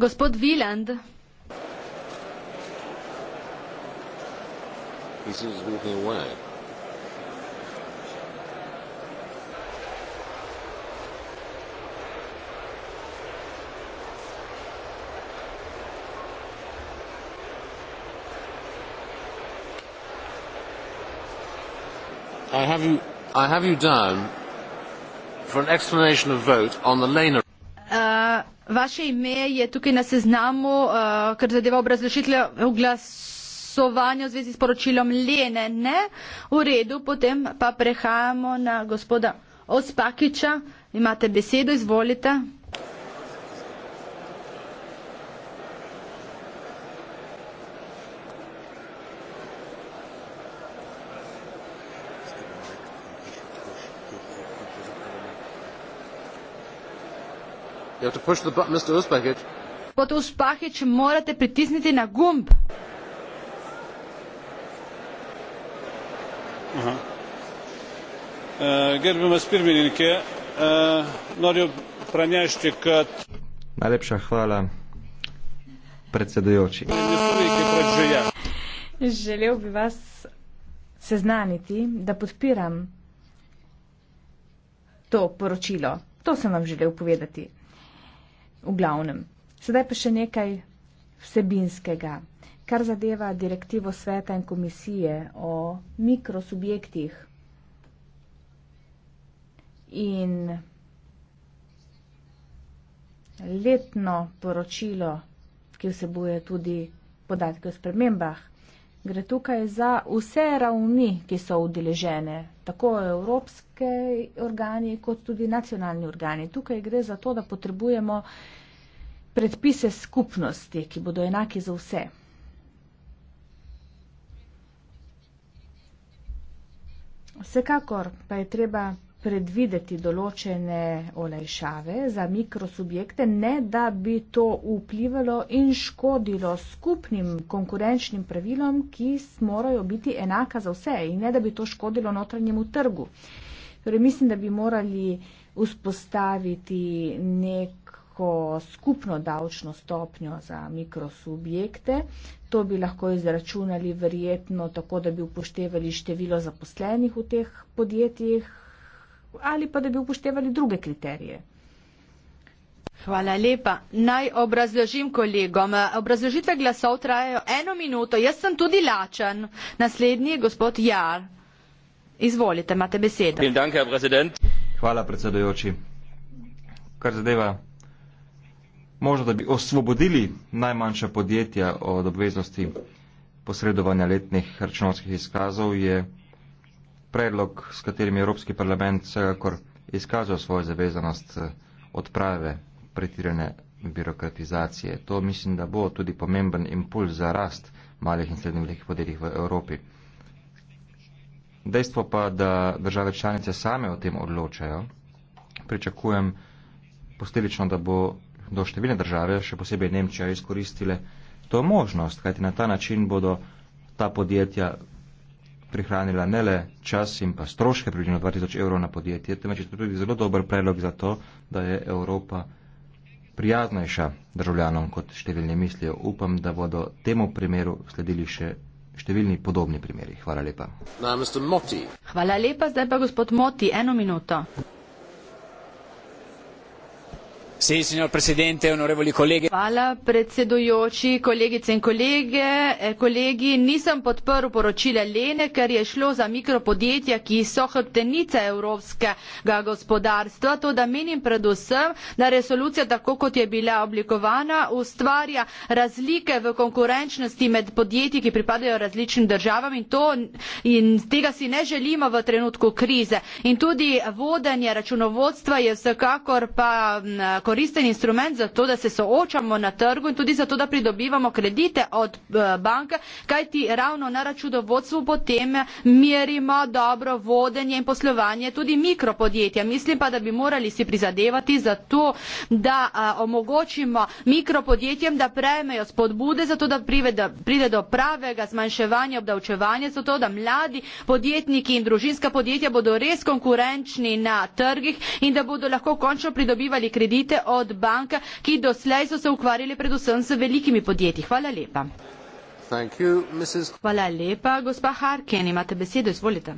Gospod Viland. He seems to be looking away. I have you I have you down for an explanation of vote on the laner. Vaše ime je tukaj na seznamu, uh, kar zadeva obrazložitve v glasovanju v zvezi s poročilom Lene. Ne, v redu, potem pa prehajamo na gospoda Ospakiča. Imate besedo, izvolite. You have to push the button, Mr. Uspakic. Gospod Uspakic, morate pritisniti na gumb. Uh, Najlepša hvala, predsedujoči. Želel bi vas seznaniti, da podpiram to poročilo. To sem vam želel povedati v glavnem. Sedaj pa še nekaj vsebinskega. Kar zadeva direktivo sveta in komisije o mikrosubjektih in letno poročilo, ki vsebuje tudi podatke o spremembah, gre tukaj za vse ravni, ki so udeležene tako evropske organi, kot tudi nacionalni organi. Tukaj gre za to, da potrebujemo predpise skupnosti, ki bodo enaki za vse. Vsekakor pa je treba predvideti določene olajšave za mikrosubjekte, ne da bi to vplivalo in škodilo skupnim konkurenčnim pravilom, ki morajo biti enaka za vse in ne da bi to škodilo notranjemu trgu. Torej, mislim, da bi morali vzpostaviti neko skupno davčno stopnjo za mikrosubjekte. To bi lahko izračunali verjetno tako, da bi upoštevali število zaposlenih v teh podjetjih, ali pa da bi upoštevali druge kriterije. Hvala lepa. Naj obrazložim kolegom. Obrazložitve glasov trajajo eno minuto. Jaz sem tudi lačen. Naslednji je gospod Jar. Izvolite, imate besedo. Hvala, predsedujoči. Kar zadeva možno, da bi osvobodili najmanjša podjetja od obveznosti posredovanja letnih računovskih izkazov, je predlog, s katerim je Evropski parlament vsekakor izkazal svojo zavezanost eh, odprave pretirane birokratizacije. To mislim, da bo tudi pomemben impuls za rast malih in srednjih velikih podjetij v Evropi. Dejstvo pa, da države članice same o tem odločajo, pričakujem posledično, da bo do številne države, še posebej Nemčija, izkoristile to možnost, kajti na ta način bodo ta podjetja prihranila ne le čas in pa stroške, približno 2000 evrov na podjetje, temveč je to tudi zelo dober predlog za to, da je Evropa prijaznejša državljanom, kot številni mislijo. Upam, da bodo temu primeru sledili še številni podobni primeri. Hvala lepa. Hvala lepa, zdaj pa gospod Moti, eno minuto. Hvala predsedujoči, kolegice in kolege, eh, kolegi. Nisem podprl poročila Lene, ker je šlo za mikropodjetja, ki so hrbtenica evropskega gospodarstva. To, da menim predvsem, da resolucija, tako kot je bila oblikovana, ustvarja razlike v konkurenčnosti med podjetji, ki pripadajo različnim državam in, to, in tega si ne želimo v trenutku krize. In tudi vodenje računovodstva je vsekakor pa koristen instrument za to, da se soočamo na trgu in tudi za to, da pridobivamo kredite od eh, banke, kajti ravno na računovodstvu potem merimo dobro vodenje in poslovanje tudi mikropodjetja. Mislim pa, da bi morali si prizadevati za to, da eh, omogočimo mikropodjetjem, da prejmejo spodbude za to, da pride do pravega zmanjševanja obdavčevanja, za to, da mladi podjetniki in družinska podjetja bodo res konkurenčni na trgih in da bodo lahko končno pridobivali kredite od bank ki doslej so se ukvarjali predvsem s velikimi podjetji. Hvala lepa. You, Mrs... Hvala lepa, gospa Harken, imate besedo, izvolite.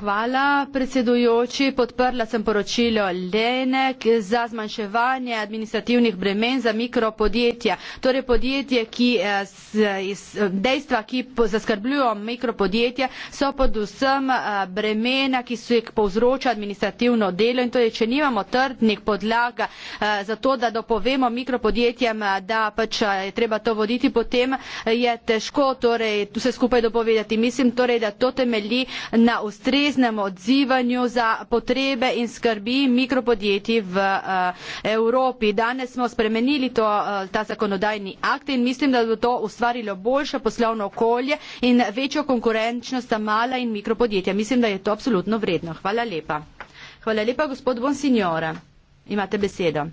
Hvala, predsedujoči. Podprla sem poročilo Lenek za zmanjševanje administrativnih bremen za mikropodjetja. Torej podjetje, ki eh, eh, dejstva, ki zaskrbljujo mikropodjetja, so podvsem eh, bremena, ki so jih povzroča administrativno delo in to torej, je, če nimamo trdnih podlag za to, da dopovemo mikropodjetjem, da pač je treba to voditi, potem je težko torej, vse skupaj dopovedati. Mislim torej, da to temelji temelji na ustreznem odzivanju za potrebe in skrbi mikropodjetij v eh, Evropi. Danes smo spremenili to, eh, ta zakonodajni akt in mislim, da bo to ustvarilo boljše poslovno okolje in večjo konkurenčnost za mala in mikropodjetja. Mislim, da je to absolutno vredno. Hvala lepa. Hvala lepa, gospod Bonsignora. Imate besedo.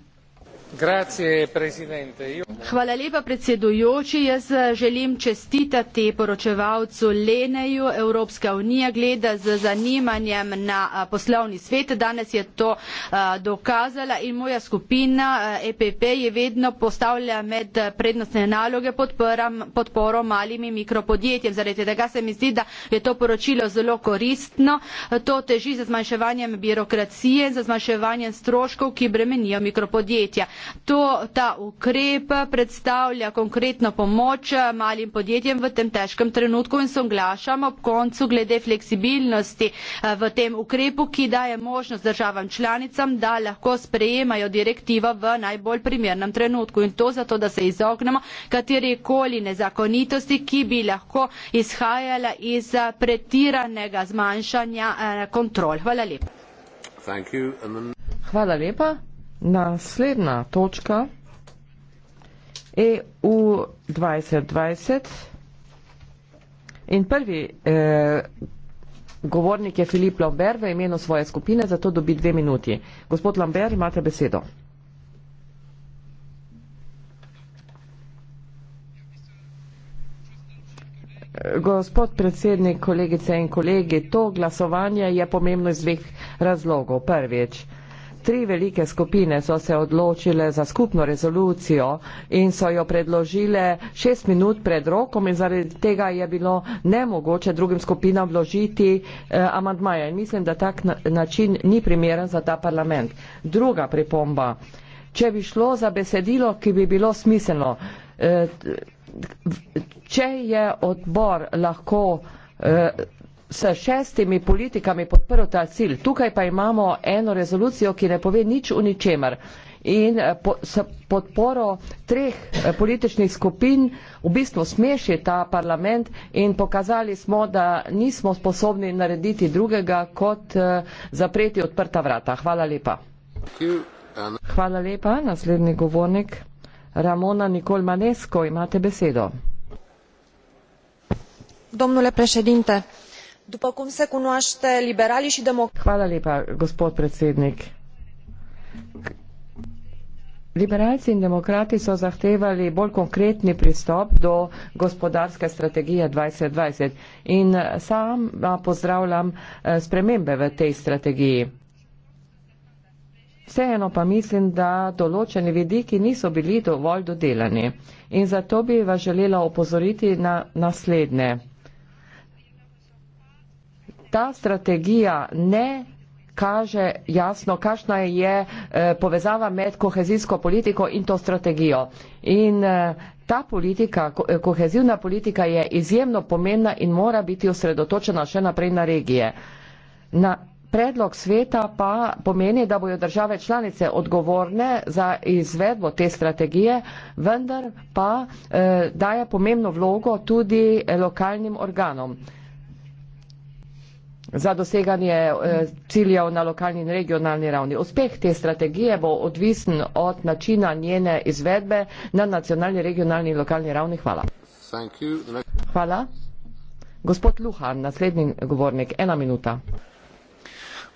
Hvala lepa predsedujoči. Jaz eh, želim čestitati poročevalcu Leneju. Evropska unija gleda z zanimanjem na eh, poslovni svet. Danes je to eh, dokazala in moja skupina EPP e je vedno postavlja med prednostne naloge podporam, podporo malim in mikropodjetjem. Zaradi tega se mi zdi, da je to poročilo zelo koristno. To teži za zmanjševanjem birokracije, za zmanjševanjem stroškov, ki bremenijo mikropodjetja. To, ta ukrep predstavlja konkretno pomoč eh, malim podjetjem v tem težkem trenutku in se oglašam ob koncu glede fleksibilnosti eh, v tem ukrepu, ki daje možnost državam članicam, da lahko sprejemajo direktivo v najbolj primernem trenutku. In to zato, da se izognemo katerikoli nezakonitosti, ki bi lahko izhajala iz eh, pretiranega zmanjšanja kontrol. Hvala lepa. Hvala lepa. Naslednja točka EU 2020 in prvi eh, govornik je Filip Lambert v imenu svoje skupine, zato dobi dve minuti. Gospod Lambert, imate besedo. Gospod predsednik, kolegice in kolegi, to glasovanje je pomembno iz dveh razlogov. Prvič, Tri velike skupine so se odločile za skupno rezolucijo in so jo predložile šest minut pred rokom in zaradi tega je bilo nemogoče drugim skupinam vložiti eh, amadmaja. In mislim, da tak na način ni primeren za ta parlament. Druga pripomba. Če bi šlo za besedilo, ki bi bilo smiselno, eh, če je odbor lahko eh, s šestimi politikami podprl ta cilj. Tukaj pa imamo eno rezolucijo, ki ne pove nič o ničemer. In eh, po, s podporo treh eh, političnih skupin v bistvu smeši ta parlament in pokazali smo, da nismo sposobni narediti drugega, kot eh, zapreti odprta vrata. Hvala lepa. Hvala lepa. Naslednji govornik Ramona Nikol Manesko, imate besedo. Domnule președinte, după cum se cunoaște liberalii și democrații. Liberalci in demokrati so zahtevali bolj konkretni pristop do gospodarske strategije 2020 in sam pozdravljam e, spremembe v tej strategiji. Vseeno pa mislim, da določeni vidiki niso bili dovolj dodelani in zato bi vas želela opozoriti na naslednje ta strategija ne kaže jasno, kakšna je eh, povezava med kohezijsko politiko in to strategijo. In eh, ta politika, eh, kohezivna politika je izjemno pomembna in mora biti osredotočena še naprej na regije. Na predlog sveta pa pomeni, da bojo države članice odgovorne za izvedbo te strategije, vendar pa daje pomembno vlogo tudi lokalnim organom za doseganje eh, ciljev na lokalni in regionalni ravni. Uspeh te strategije bo odvisen od načina njene izvedbe na nacionalni, regionalni in lokalni ravni. Hvala. Hvala. Gospod Luhan, naslednji govornik, ena minuta.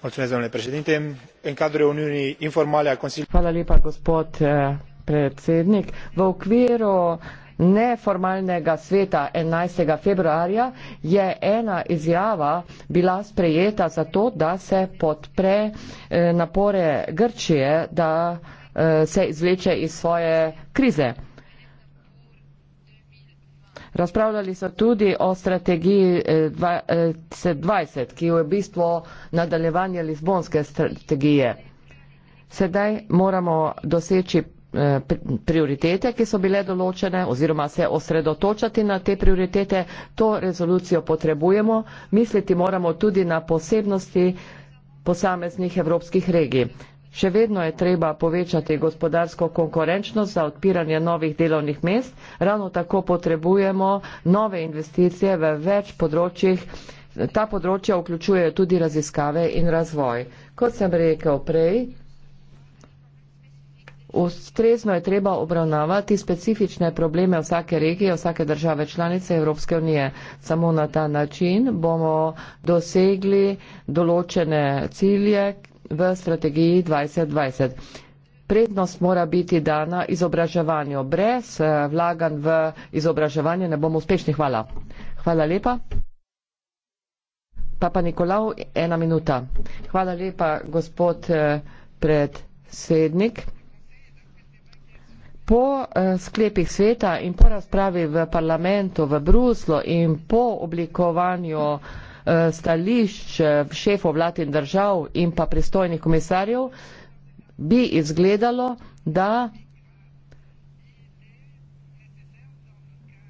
Mulțumesc, domnule președinte. În cadrul Uniunii Informale a Consiliului... Hvala lepa, gospod eh, predsednik. V okviru neformalnega sveta 11. februarja je ena izjava bila sprejeta za to, da se podpre eh, napore Grčije, da eh, se izvleče iz svoje krize. Razpravljali so tudi o strategiji 20, eh, ki je v bistvu nadaljevanje Lizbonske strategije. Sedaj moramo doseči prioritete, ki so bile določene oziroma se osredotočati na te prioritete, to rezolucijo potrebujemo, misliti moramo tudi na posebnosti posameznih evropskih regij. Še vedno je treba povečati gospodarsko konkurenčnost za odpiranje novih delovnih mest, ravno tako potrebujemo nove investicije v več področjih. Ta področja vključujejo tudi raziskave in razvoj. Kot sem rekel prej, Ustrezno je treba obravnavati specifične probleme vsake regije, vsake države članice Evropske unije. Samo na ta način bomo dosegli določene cilje v strategiji 2020. Prednost mora biti dana izobraževanju. Brez eh, vlagan v izobraževanje ne bomo uspešni. Hvala. Hvala lepa. Papa Nikolau, ena minuta. Hvala lepa, gospod eh, predsednik po eh, sklepih sveta in po razpravi v parlamentu v Bruslu in po oblikovanju eh, stališč eh, šefov vlad in držav in pa pristojnih komisarjev bi izgledalo, da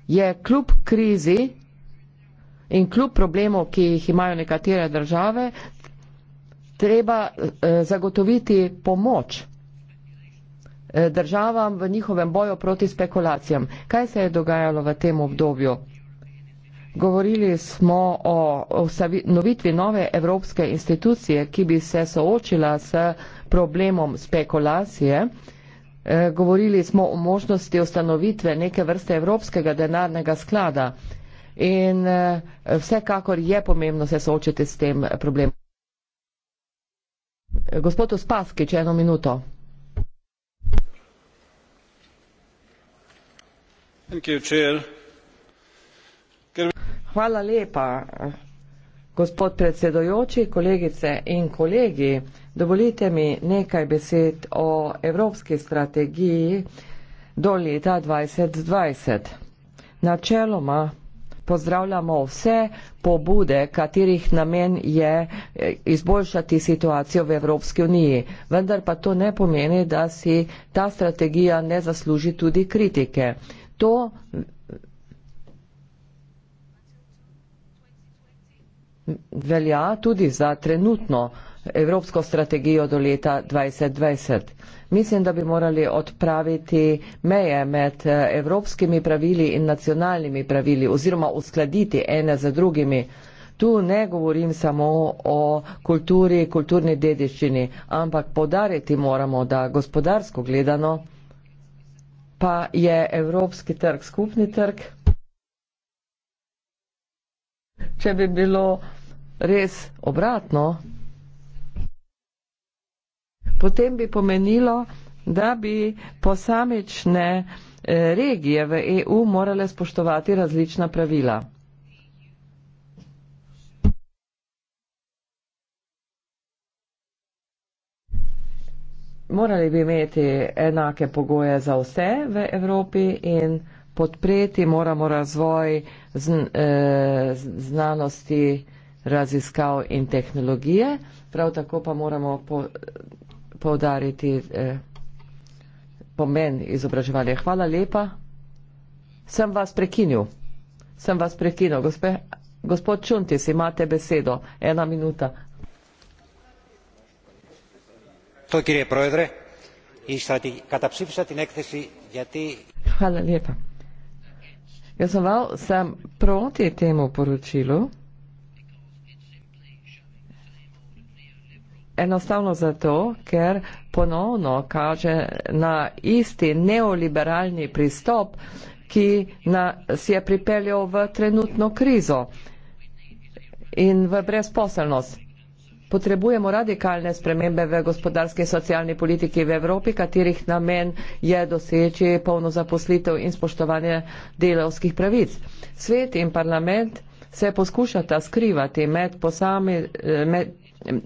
je kljub krizi in kljub problemov, ki jih imajo nekatere države, treba zagotoviti pomoč Eh, državam v njihovem boju proti spekulacijam. Kaj se je dogajalo v tem obdobju? Govorili smo o novitvi nove evropske institucije, ki bi se soočila s problemom spekulacije. Eh, govorili smo o možnosti ustanovitve neke vrste evropskega denarnega sklada. In eh, vsekakor je pomembno se soočiti s tem problemom. Gospod Uspaskič, eno minuto. Hvala lepa, gospod predsedojoči, kolegice in kolegi. Dovolite mi nekaj besed o evropski strategiji do leta 2020. Načeloma pozdravljamo vse pobude, katerih namen je eh, izboljšati situacijo v Evropski uniji. Vendar pa to ne pomeni, da si ta strategija ne zasluži tudi kritike to. Velja tudi za trenutno evropsko strategijo do leta 2020. Mislim, da bi morali odpraviti meje med eh, evropskimi pravili in nacionalnimi pravili oziroma uskladiti ene za drugimi. Tu ne govorim samo o kulturi, kulturni dediščini, ampak podariti moramo, da gospodarsko gledano pa je evropski trg skupni trg. Če bi bilo res obratno, potem bi pomenilo, da bi posamične eh, regije v EU morale spoštovati različna pravila. morali bi imeti enake pogoje za vse v Evropi in podpreti moramo razvoj zn, eh, znanosti, raziskav in tehnologije. Prav tako pa moramo po, povdariti eh, pomen izobraževanja. Hvala lepa. Sem vas prekinil. Sem vas prekinil. Gospe, gospod Čuntis, imate besedo. Ena minuta. gospodine predsjedniče kada psihičar ti nekteši ja ti hvala lijepa ja sam val sam proti temu poručilu enostavno zato ker ponovno kaže na isti neoliberalni pristop ki nas je pripeljal v trenutno krizo in v brezposelnost Potrebujemo radikalne spremembe v gospodarski in socialni politiki v Evropi, katerih namen je doseči polno zaposlitev in spoštovanje delovskih pravic. Svet in parlament se poskušata skrivati med, posami, eh, med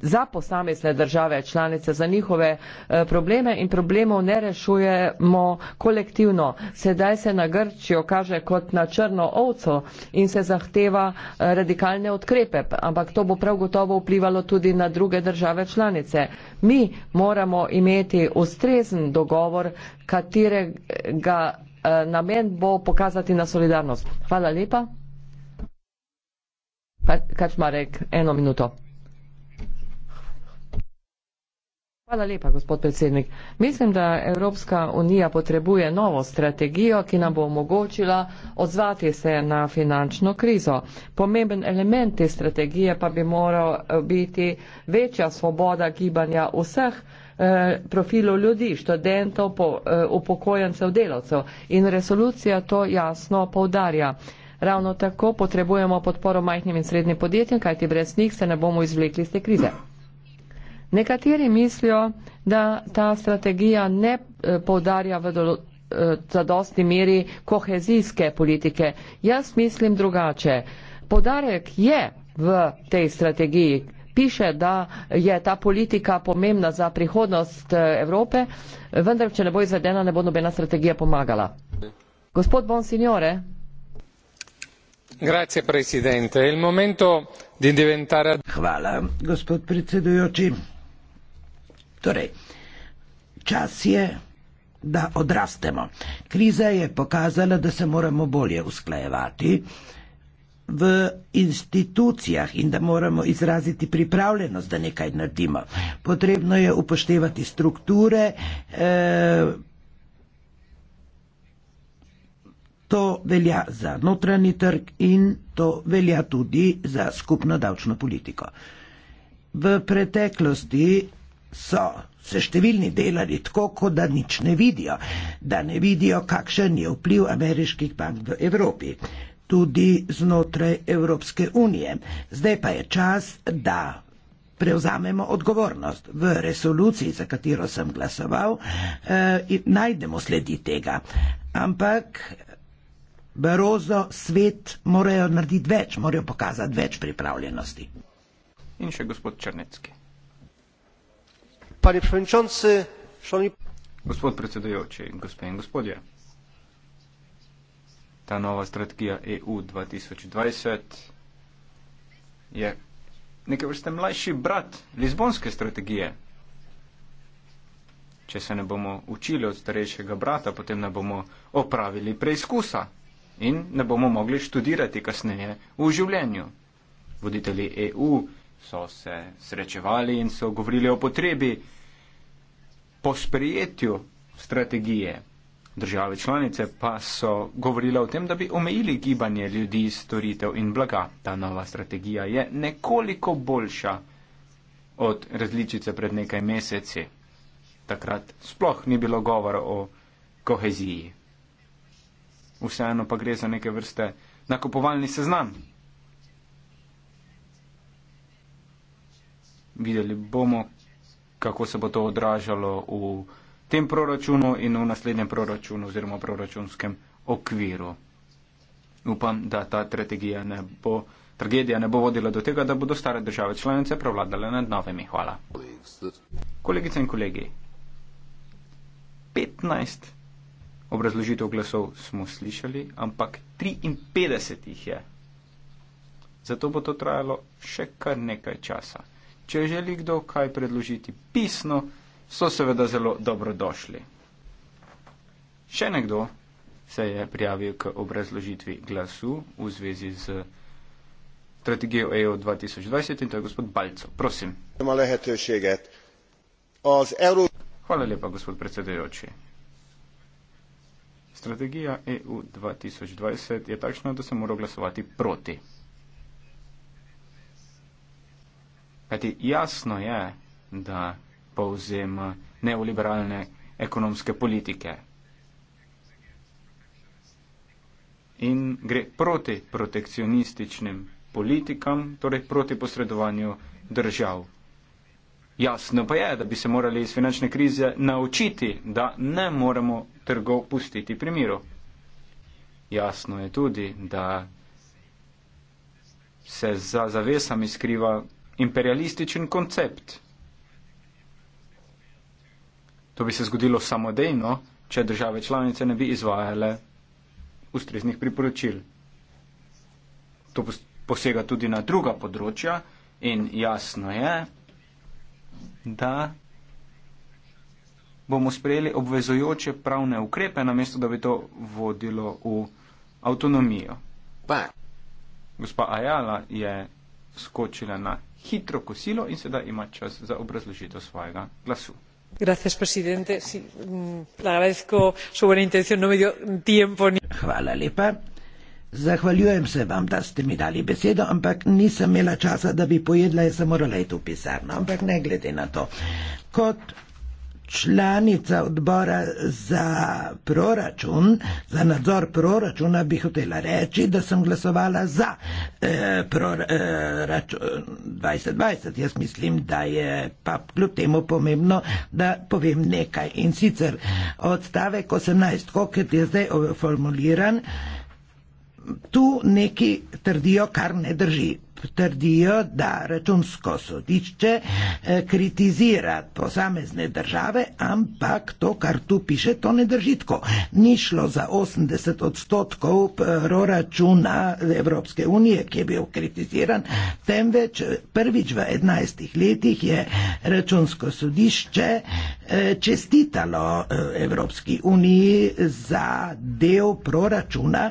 za posamezne države članice, za njihove eh, probleme in problemov ne rešujemo kolektivno. Sedaj se na Grčijo kaže kot na črno ovco in se zahteva eh, radikalne odkrepe, ampak to bo prav gotovo vplivalo tudi na druge države članice. Mi moramo imeti ustrezen dogovor, katerega eh, namen bo pokazati na solidarnost. Hvala lepa. Kačmarek, eno minuto. Hvala lepa, gospod predsednik. Mislim, da Evropska unija potrebuje novo strategijo, ki nam bo omogočila odzvati se na finančno krizo. Pomemben element te strategije pa bi moral eh, biti večja svoboda gibanja vseh eh, profilov ljudi, študentov, eh, upokojencev, delavcev. In resolucija to jasno povdarja. Ravno tako potrebujemo podporo majhnim in srednjim podjetjem, kajti brez njih se ne bomo izvlekli iz te krize. Nekateri mislijo, da ta strategija ne eh, poudarja v dolo, eh, zadosti meri kohezijske politike. Jaz mislim drugače. Podarek je v tej strategiji. Piše, da je ta politika pomembna za prihodnost eh, Evrope, vendar, če ne bo izvedena, ne bo nobena strategija pomagala. Gospod Bonsignore. Grazie, presidente. Il momento di diventare. Hvala, gospod predsedujoči. Torej, čas je, da odrastemo. Kriza je pokazala, da se moramo bolje usklajevati v institucijah in da moramo izraziti pripravljenost, da nekaj naredimo. Potrebno je upoštevati strukture, eh, to velja za notranji trg in to velja tudi za skupno davčno politiko. V preteklosti so se številni delali tako, kot da nič ne vidijo, da ne vidijo, kakšen je vpliv ameriških bank v Evropi, tudi znotraj Evropske unije. Zdaj pa je čas, da. Prevzamemo odgovornost. V resoluciji, za katero sem glasoval, eh, najdemo sledi tega. Ampak Barozo, svet morajo narediti več, morajo pokazati več pripravljenosti. In še gospod Črnecki panie przewodniczący szanowni gospod predsedujoči gospe in gospodje ta nova strategija EU 2020 je neke vrste mlajši brat lizbonske strategije če se ne bomo učili od starejšega brata potem ne bomo opravili preizkusa in ne bomo mogli študirati kasneje v življenju voditelji EU so se srečevali in so govorili o potrebi po sprejetju strategije. Države članice pa so govorile o tem, da bi omejili gibanje ljudi, storitev in blaga. Ta nova strategija je nekoliko boljša od različice pred nekaj meseci. Takrat sploh ni bilo govora o koheziji. Vseeno pa gre za neke vrste nakupovalni seznam. Videli bomo, kako se bo to odražalo v tem proračunu in v naslednjem proračunu oziroma proračunskem okviru. Upam, da ta strategija ne bo, tragedija ne bo vodila do tega, da bodo stare države članice prevladale nad novimi. Hvala. Kolegice in kolegi, 15 obrazložitev glasov smo slišali, ampak 53 jih je. Zato bo to trajalo še kar nekaj časa. Če želi kdo kaj predložiti pisno, so seveda zelo dobrodošli. Še nekdo se je prijavil k obrazložitvi glasu v zvezi z strategijo EU 2020 in to je gospod Balco. Prosim. Hvala lepa, gospod predsedujoči. Strategija EU 2020 je takšna, da se mora glasovati proti. Kajti jasno je, da povzem neoliberalne ekonomske politike. In gre proti protekcionističnim politikam, torej proti posredovanju držav. Jasno pa je, da bi se morali iz finančne krize naučiti, da ne moremo trgov pustiti pri miru. Jasno je tudi, da se za zavesami skriva imperialističen koncept. To bi se zgodilo samodejno, če države članice ne bi izvajale ustreznih priporočil. To posega tudi na druga področja in jasno je, da bomo sprejeli obvezujoče pravne ukrepe, namesto da bi to vodilo v avtonomijo. Gospa Ajala je skočila na hitro kosilo in sedaj ima čas za obrazložitev svojega glasu. Gracias, presidente. Sí, mm, le agradezco su buena intención. No me dio tiempo ni. Hvala lepa. Zahvaljujem se vam, da ste mi dali besedo, ampak nisem imela časa, da bi pojedla in sem morala iti v pisarno. Ampak ne glede na to. Kot članica odbora za proračun, za nadzor proračuna, bi hotela reči, da sem glasovala za eh, proračun eh, 2020. Jaz mislim, da je pa kljub temu pomembno, da povem nekaj. In sicer odstavek 18, kot je zdaj formuliran, tu neki trdijo, kar ne drži trdijo, da računsko sodišče eh, kritizira posamezne države, ampak to, kar tu piše, to ne drži tako. Ni šlo za 80 odstotkov eh, proračuna Evropske unije, ki je bil kritiziran, temveč eh, prvič v 11 letih je računsko sodišče čestitalo eh, Evropski uniji za del proračuna,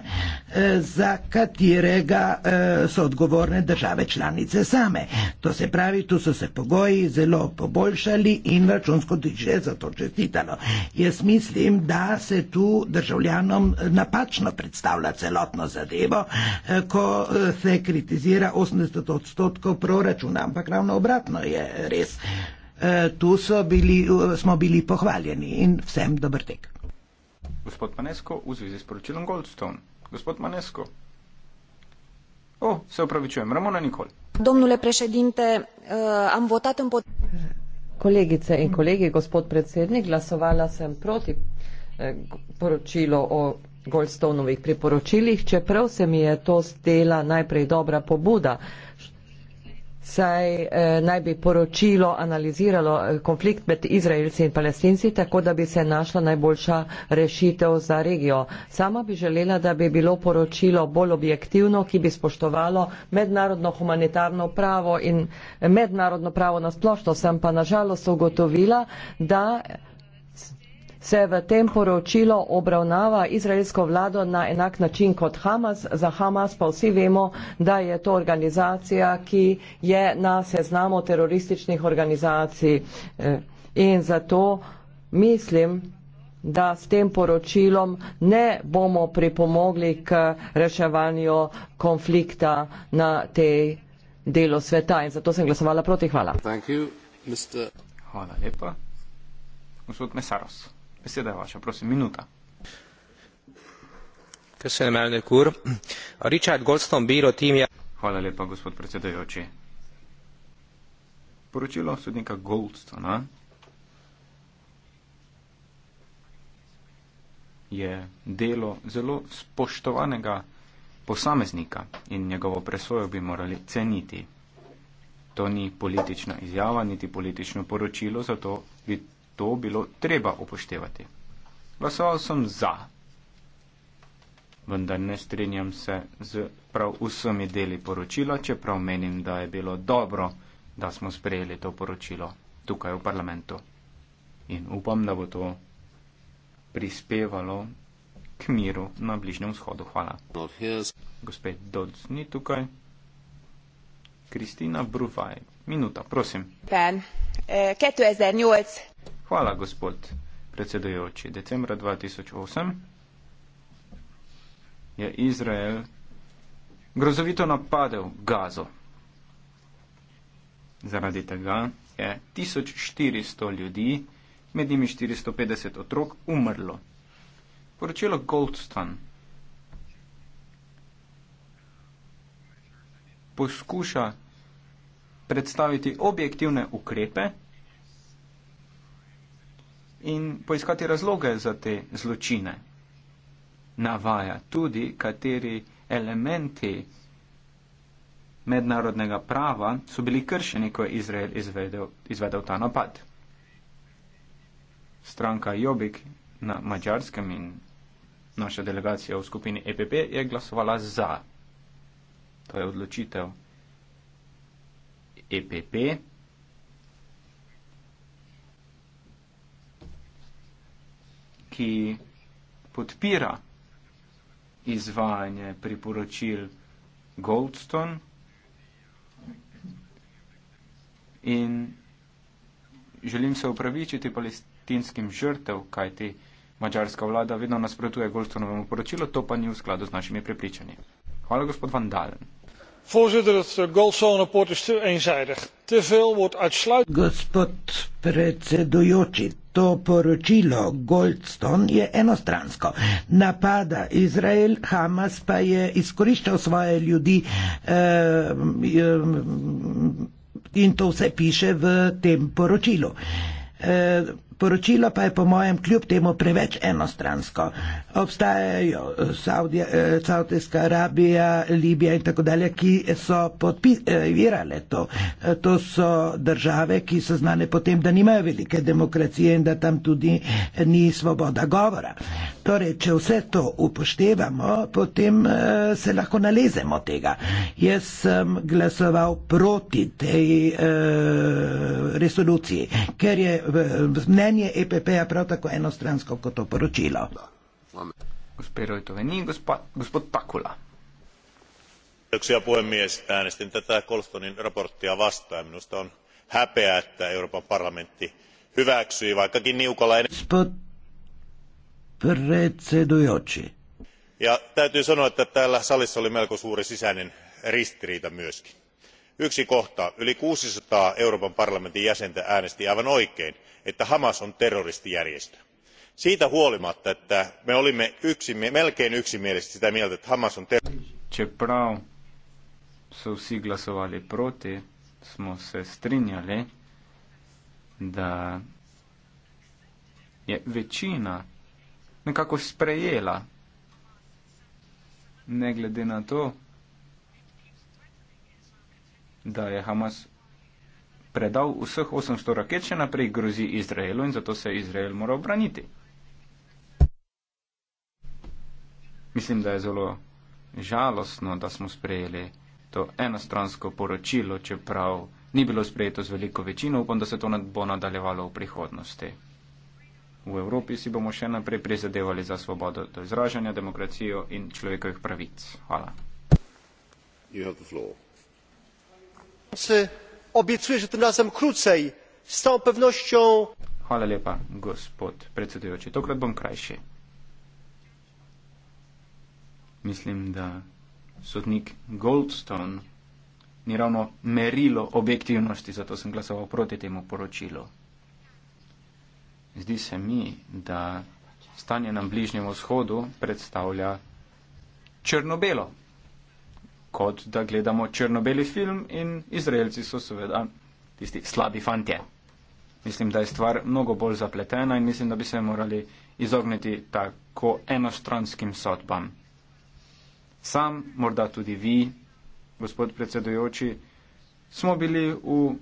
eh, za katerega eh, so odgovorne države članice same. To se pravi, tu so se pogoji zelo poboljšali in računsko tiče za to čestitalo. Jaz mislim, da se tu državljanom napačno predstavlja celotno zadevo, ko se kritizira 80 odstotkov proračuna, ampak ravno obratno je res. E, tu bili, e, smo bili pohvaljeni in vsem dober tek. Gospod Manesko, v zvezi s poročilom Goldstone. Gospod Manesko. O, se upravičujem, Ramona Nikol. Domnule prešedinte, uh, e, am votat împot... Kolegice in kolegi, gospod predsednik, glasovala sem proti eh, poročilo o Goldstonovih priporočilih, čeprav se mi je to stela najprej dobra pobuda. Eh, saj eh, naj bi poročilo analiziralo eh, konflikt med Izraelci in Palestinci, tako da bi se našla najboljša rešitev za regijo. Sama bi želela, da bi bilo poročilo bolj objektivno, ki bi spoštovalo mednarodno humanitarno pravo in eh, mednarodno pravo na splošno. Sem pa nažalost ugotovila, da se v tem poročilu obravnava izraelsko vlado na enak način kot Hamas. Za Hamas pa vsi vemo, da je to organizacija, ki je na seznamu terorističnih organizacij. Eh, in zato mislim, da s tem poročilom ne bomo pripomogli k reševanju konflikta na tej delu sveta. In zato sem glasovala proti. Hvala. Hvala lepa. Gospod Mesaros. Beseda je vaša, prosim, minuta. Köszönöm, elnök úr. A Richard Goldstone bíró tímje... Hvala lepa, gospod predsedajoči. Poročilo sodnika Goldstona je delo zelo spoštovanega posameznika in njegovo presojo bi morali ceniti. To ni politična izjava, niti politično poročilo, zato bi to bilo treba upoštevati. Glasoval sem za, vendar ne strinjam se z prav vsemi deli poročila, čeprav menim, da je bilo dobro, da smo sprejeli to poročilo tukaj v parlamentu. In upam, da bo to prispevalo k miru na Bližnjem vzhodu. Hvala. Gospod Dodds ni tukaj. Kristina Bruvaj, minuta, prosim. 2008. Hvala, gospod predsedujoči. Decembra 2008 je Izrael grozovito napadel Gazo. Zaradi tega je 1400 ljudi, med njimi 450 otrok, umrlo. Poročilo Goldstone poskuša predstaviti objektivne ukrepe, in poiskati razloge za te zločine. Navaja tudi, kateri elementi mednarodnega prava so bili kršeni, ko je Izrael izvedel, izvedel ta napad. Stranka Jobik na mačarskem in naša delegacija v skupini EPP je glasovala za. To je odločitev EPP ki podpira izvajanje priporočil Goldstone in želim se upravičiti palestinskim žrtev, kajti mađarska vlada vedno nasprotuje Goldstonovemu poročilu, to pa ni v skladu z našimi prepričanji. Hvala, gospod Van Dalen. Voorzitter, het eh, Goldstone-rapport is te eenzijdig. Te veel wordt uitsluitend. Gospod predsedujoči, To poročilo Goldstone je enostransko. Napada Izrael, Hamas pa je izkoriščal svoje ljudi eh, eh in to vse piše v tem poročilu. Eh, Poročilo pa je po mojem kljub temu preveč enostransko. Obstajajo eh, Saudija, eh, Saudijska Arabija, Libija in tako dalje, ki so podpirale to. Eh, to so države, ki so znane potem, da nimajo velike demokracije in da tam tudi ni svoboda govora. Torej, če vse to upoštevamo, potem uh, se lahko nalezemo tega. Jaz sem glasoval proti tej uh, resoluciji, ker je uh, mnenje EPP-ja prav tako enostransko kot to poročilo. Yksiä puhemies, äänestin tätä Kolstonin raporttia vastaan. Minusta on häpeä, että Euroopan parlamentti hyväksyi vaikkakin niukalla enemmistöllä predsedujoči. Ja täytyy sanoa, että täällä salissa oli melko suuri sisäinen ristiriita myöskin. Yksi kohta, yli 600 Euroopan parlamentin jäsentä äänesti aivan oikein, että Hamas on terroristijärjestö. Siitä huolimatta, että me olimme yksi, melkein yksimielisesti sitä mieltä, että Hamas on terroristijärjestö. Da je večina nekako sprejela. Ne glede na to, da je Hamas predal vseh 800 raket, še naprej grozi Izraelu in zato se Izrael mora obraniti. Mislim, da je zelo žalostno, da smo sprejeli to enostransko poročilo, čeprav ni bilo sprejeto z veliko večino. Upam, da se to ne bo nadaljevalo v prihodnosti. V Evropi si bomo še naprej prizadevali za svobodo do izražanja, demokracijo in človekovih pravic. Hvala. Obecuje, že tem razem krucej, s to pevnostjo. Hvala lepa, gospod predsedujoči. Tokrat bom krajši. Mislim, da sodnik Goldstone ni ravno merilo objektivnosti, zato sem glasoval proti temu poročilu zdi se mi, da stanje na Bližnjem vzhodu predstavlja črno-belo, kot da gledamo črno-beli film in Izraelci so seveda tisti slabi fantje. Mislim, da je stvar mnogo bolj zapletena in mislim, da bi se morali izogniti tako enostranskim sodbam. Sam, morda tudi vi, gospod predsedujoči, smo bili v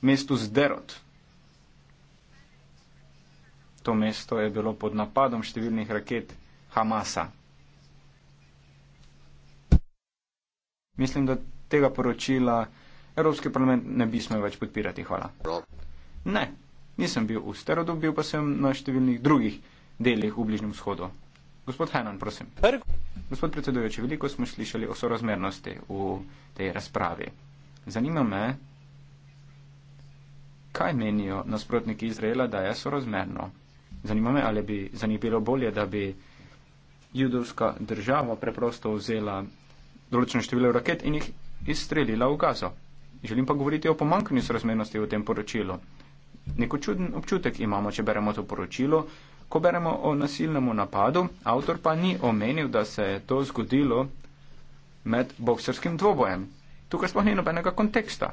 mestu Zderot To mesto je bilo pod napadom številnih raket Hamasa. Mislim, da tega poročila Evropski parlament ne bi smel več podpirati. Hvala. Ne, nisem bil v Sterodu, bil pa sem na številnih drugih delih v Bližnjem vzhodu. Gospod Hanan, prosim. Gospod predsedujoči, veliko smo slišali o sorazmernosti v tej razpravi. Zanima me, kaj menijo nasprotniki Izraela, da je sorazmerno. Zanima me, ali bi za njih bilo bolje, da bi judovska država preprosto vzela določeno število raket in jih izstrelila v gazo. Želim pa govoriti o pomankanju sorazmernosti v tem poročilu. Neko čuden občutek imamo, če beremo to poročilo. Ko beremo o nasilnem napadu, avtor pa ni omenil, da se je to zgodilo med bokserskim dvobojem. Tukaj sploh ni nobenega konteksta.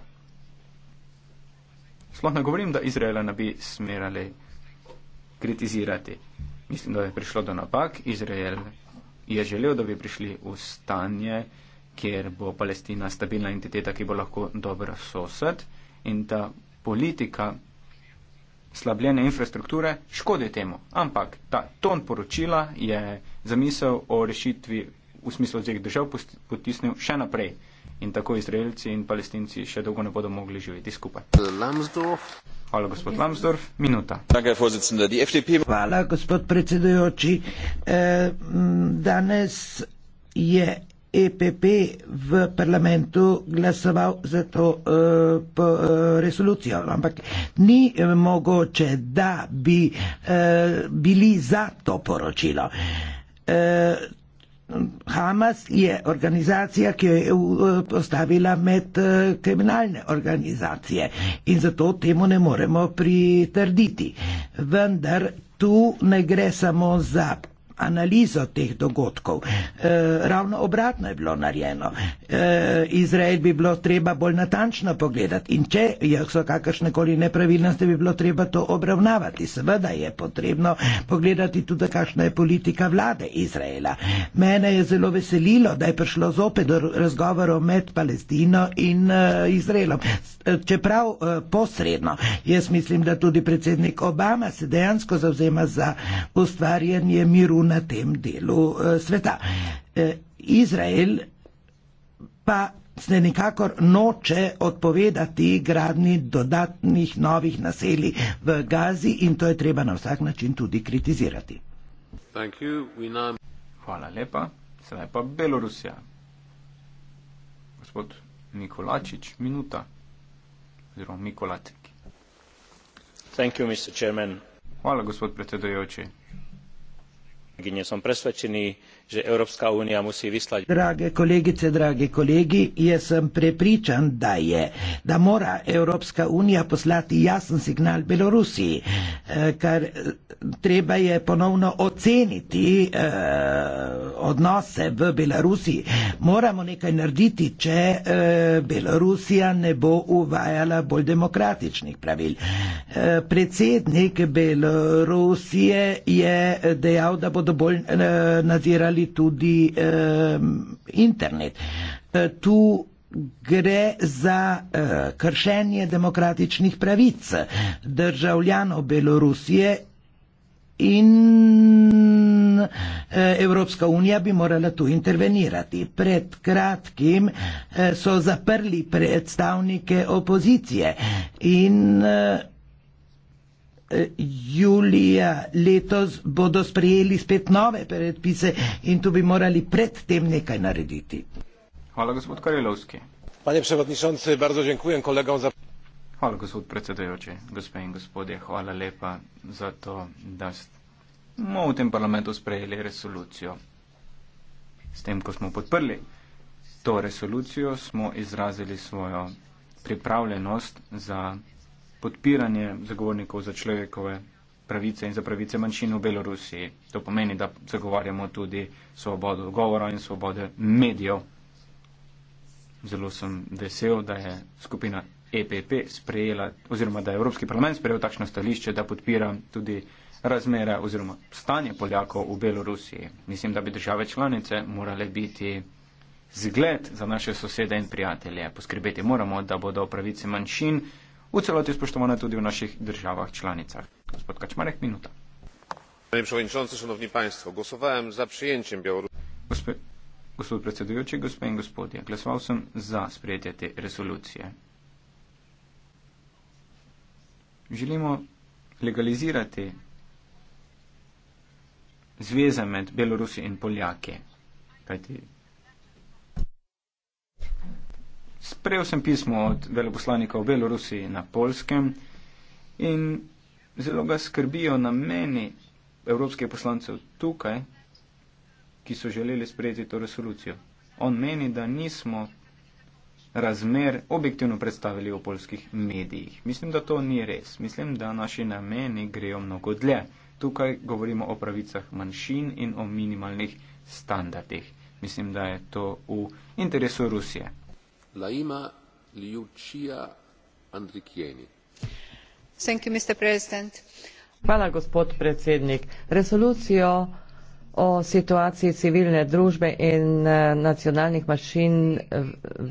Sploh ne govorim, da Izraela ne bi smerali kritizirati. Mislim, da je prišlo do napak. Izrael je želel, da bi prišli v stanje, kjer bo Palestina stabilna entiteta, ki bo lahko dobra sosed in ta politika slabljene infrastrukture škodi temu. Ampak ta ton poročila je zamisel o rešitvi v smislu vseh držav potisnil še naprej. In tako Izraelci in Palestinci še dolgo ne bodo mogli živeti skupaj. Lamsdorf. Hvala, gospod Lambsdorff. Minuta. Hvala, gospod predsedujoči. Eh, danes je EPP v parlamentu glasoval za to eh, eh, resolucijo, ampak ni mogoče, da bi bili za to poročilo. Hamas je organizacija, ki jo je eh, postavila med eh, kriminalne organizacije in zato temu ne moremo pritrditi. Vendar tu ne gre samo za analizo teh dogodkov. E, ravno obratno je bilo narejeno. E, Izrael bi bilo treba bolj natančno pogledati in če so kakršne koli nepravilnosti, bi bilo treba to obravnavati. Seveda je potrebno pogledati tudi, kakšna je politika vlade Izraela. Mene je zelo veselilo, da je prišlo zopet do razgovorov med Palestino in uh, Izraelom. Čeprav uh, posredno, jaz mislim, da tudi predsednik Obama se dejansko zavzema za ustvarjanje miru na tem delu eh, sveta. Eh, Izrael pa se nikakor noče odpovedati gradni dodatnih novih naselij v Gazi in to je treba na vsak način tudi kritizirati. Hvala lepa. Sedaj pa Belorusija. Gospod Nikolačič, minuta. Oziroma Nikolačik. Hvala, gospod predsedojoči kolegyne som presvedčený že že Európska únia musí vyslať. Drage kolegice, drage kolegi, jaz sem prepričan, da je, da mora Európska únia poslati jasen signal Belorusiji, eh, ker eh, treba je ponovno oceniti eh, odnose v Belorusiji. Moramo nekaj narediti, če eh, Belorusija ne bo uvajala bolj demokratičnih pravil. Eh, Belorusije je dejal, da bodo bolj eh, nadzirali ali tudi e, internet. E, tu gre za e, kršenje demokratičnih pravic državljanov Belorusije in e, Evropska unija bi morala tu intervenirati. Pred kratkim e, so zaprli predstavnike opozicije in e, julija letos bodo sprejeli spet nove predpise in tu bi morali predtem nekaj narediti. Hvala, gospod Karelovski. Hvala, gospod predsedujoči, gospe in gospodje, hvala lepa za to, da smo v tem parlamentu sprejeli resolucijo. S tem, ko smo podprli to resolucijo, smo izrazili svojo pripravljenost za podpiranje zagovornikov za človekove pravice in za pravice manjšin v Belorusiji. To pomeni, da zagovarjamo tudi svobodo govora in svobode medijev. Zelo sem vesel, da je skupina EPP sprejela oziroma da je Evropski parlament sprejel takšno stališče, da podpira tudi razmere oziroma stanje Poljakov v Belorusiji. Mislim, da bi države članice morale biti zgled za naše sosede in prijatelje. Poskrbeti moramo, da bodo pravice manjšin v celoti spoštovane tudi v naših državah članicah. Gospod Kačmarek, minuta. Panie przewodniczący, szanowni państwo, głosowałem za przyjęciem Białorusi. Gospod predsedujoči, gospe in gospodje, glasoval sem za sprejetje te resolucije. Želimo legalizirati zveze med Belorusi in Poljaki, kajti Sprejel sem pismo od veleposlanika v Belorusiji na Polskem in zelo ga skrbijo na meni evropskih poslancev tukaj, ki so želeli sprejeti to resolucijo. On meni, da nismo razmer objektivno predstavili v polskih medijih. Mislim, da to ni res. Mislim, da naši nameni grejo mnogo dlje. Tukaj govorimo o pravicah manjšin in o minimalnih standardih. Mislim, da je to v interesu Rusije resolucijo o situaciji civilne družbe in eh, nacionalnih manjšin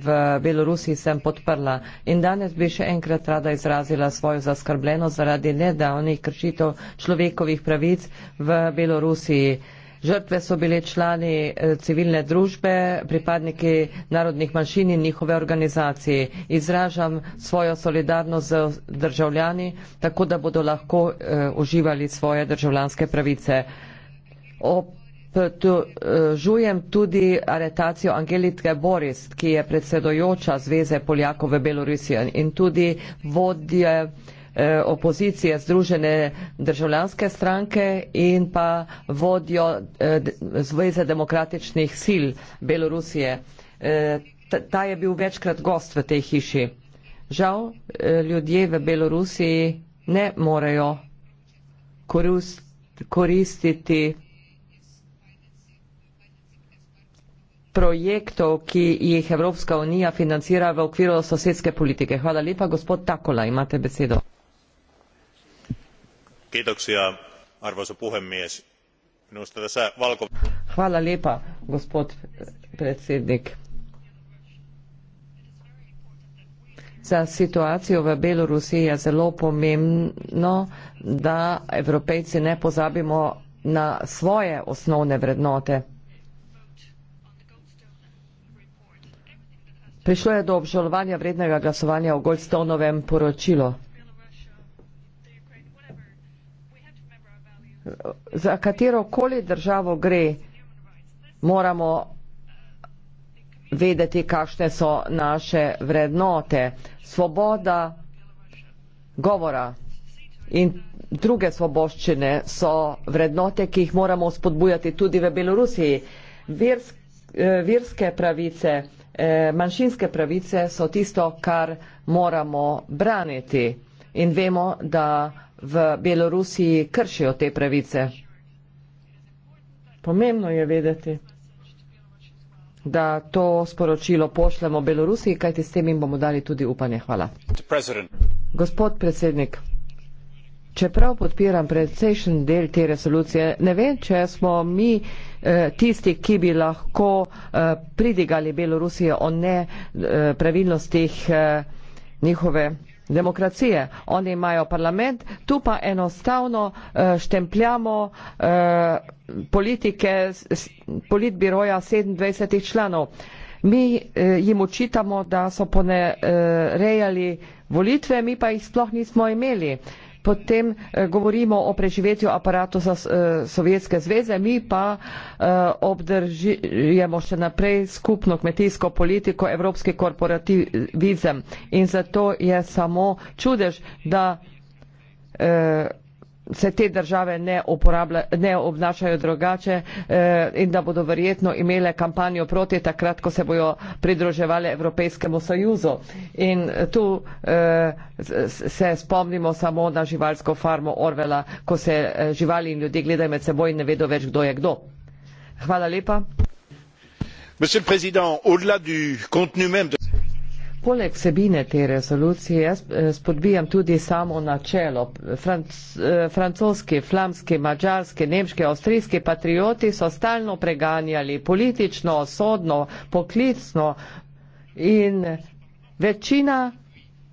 v belorusiji sem podprla in danes bi še enkrat rada izrazila svojo zaskrbljenost zaradi nedavnih kršitev človekovih pravic v belorusiji. Žrtve so bili člani eh, civilne družbe, pripadniki narodnih manjšin in njihove organizacije. Izražam svojo solidarnost z državljani, tako da bodo lahko eh, uživali svoje državljanske pravice. Žujem tudi aretacijo Angelitke Boris, ki je predsedojoča Zveze Poljakov v Belorusiji in tudi vodje Eh, opozicije Združene državljanske stranke in pa vodjo eh, Zveze demokratičnih sil Belorusije. Eh, ta je bil večkrat gost v tej hiši. Žal ljudje v Belorusiji ne morejo koristiti projektov, ki jih Evropska unija financira v okviru sosedske politike. Hvala lepa, gospod Takola, imate besedo arvoisa puhemies minusta tässä valko za situacijo v Belorusiji je zelo pomembno, da evropejci ne pozabimo na svoje osnovne vrednote. Prišlo je do obžalovanja vrednega glasovanja o Goldstonovem poročilu. za katero koli državo gre, moramo vedeti, kakšne so naše vrednote, svoboda govora in druge svoboščine so vrednote, ki jih moramo spodbujati tudi v Belorusiji. Versk, eh, verske pravice, eh, manjšinske pravice so tisto, kar moramo braniti in vemo, da v Belorusiji kršijo te pravice. Pomembno je vedeti, da to sporočilo pošljemo Belorusiji, kajti s tem jim bomo dali tudi upanje. Hvala. Gospod predsednik, čeprav podpiram precejšen del te resolucije, ne vem, če smo mi eh, tisti, ki bi lahko eh, pridigali Belorusijo o nepravilnostih eh, njihove demokracije. Oni imajo parlament, tu pa enostavno eh, štempljamo eh, politike politbiroja 27 članov. Mi eh, jim očitamo, da so ponerejali volitve, mi pa jih sploh nismo imeli potem eh, govorimo o preživetju aparatu za eh, Sovjetske zveze, mi pa eh, obdržujemo še naprej skupno kmetijsko politiko, evropski korporativizem. In zato je samo čudež, da se te države ne, ne obnašajo drugače eh, in da bodo verjetno imele kampanjo proti takrat, ko se bojo pridruževali Evropskemu sojuzu. In tu eh, se spomnimo samo na živalsko farmo Orvela, ko se eh, živali in ljudje gledajo med seboj in ne vedo več, kdo je kdo. Hvala lepa. Monsieur le Président, au-delà du contenu même de. Poleg sebine te rezolucije jaz eh, spodbijam tudi samo načelo. Eh, francoski, flamski, mađarski, nemški, avstrijski patrioti so stalno preganjali politično, sodno, poklicno in večina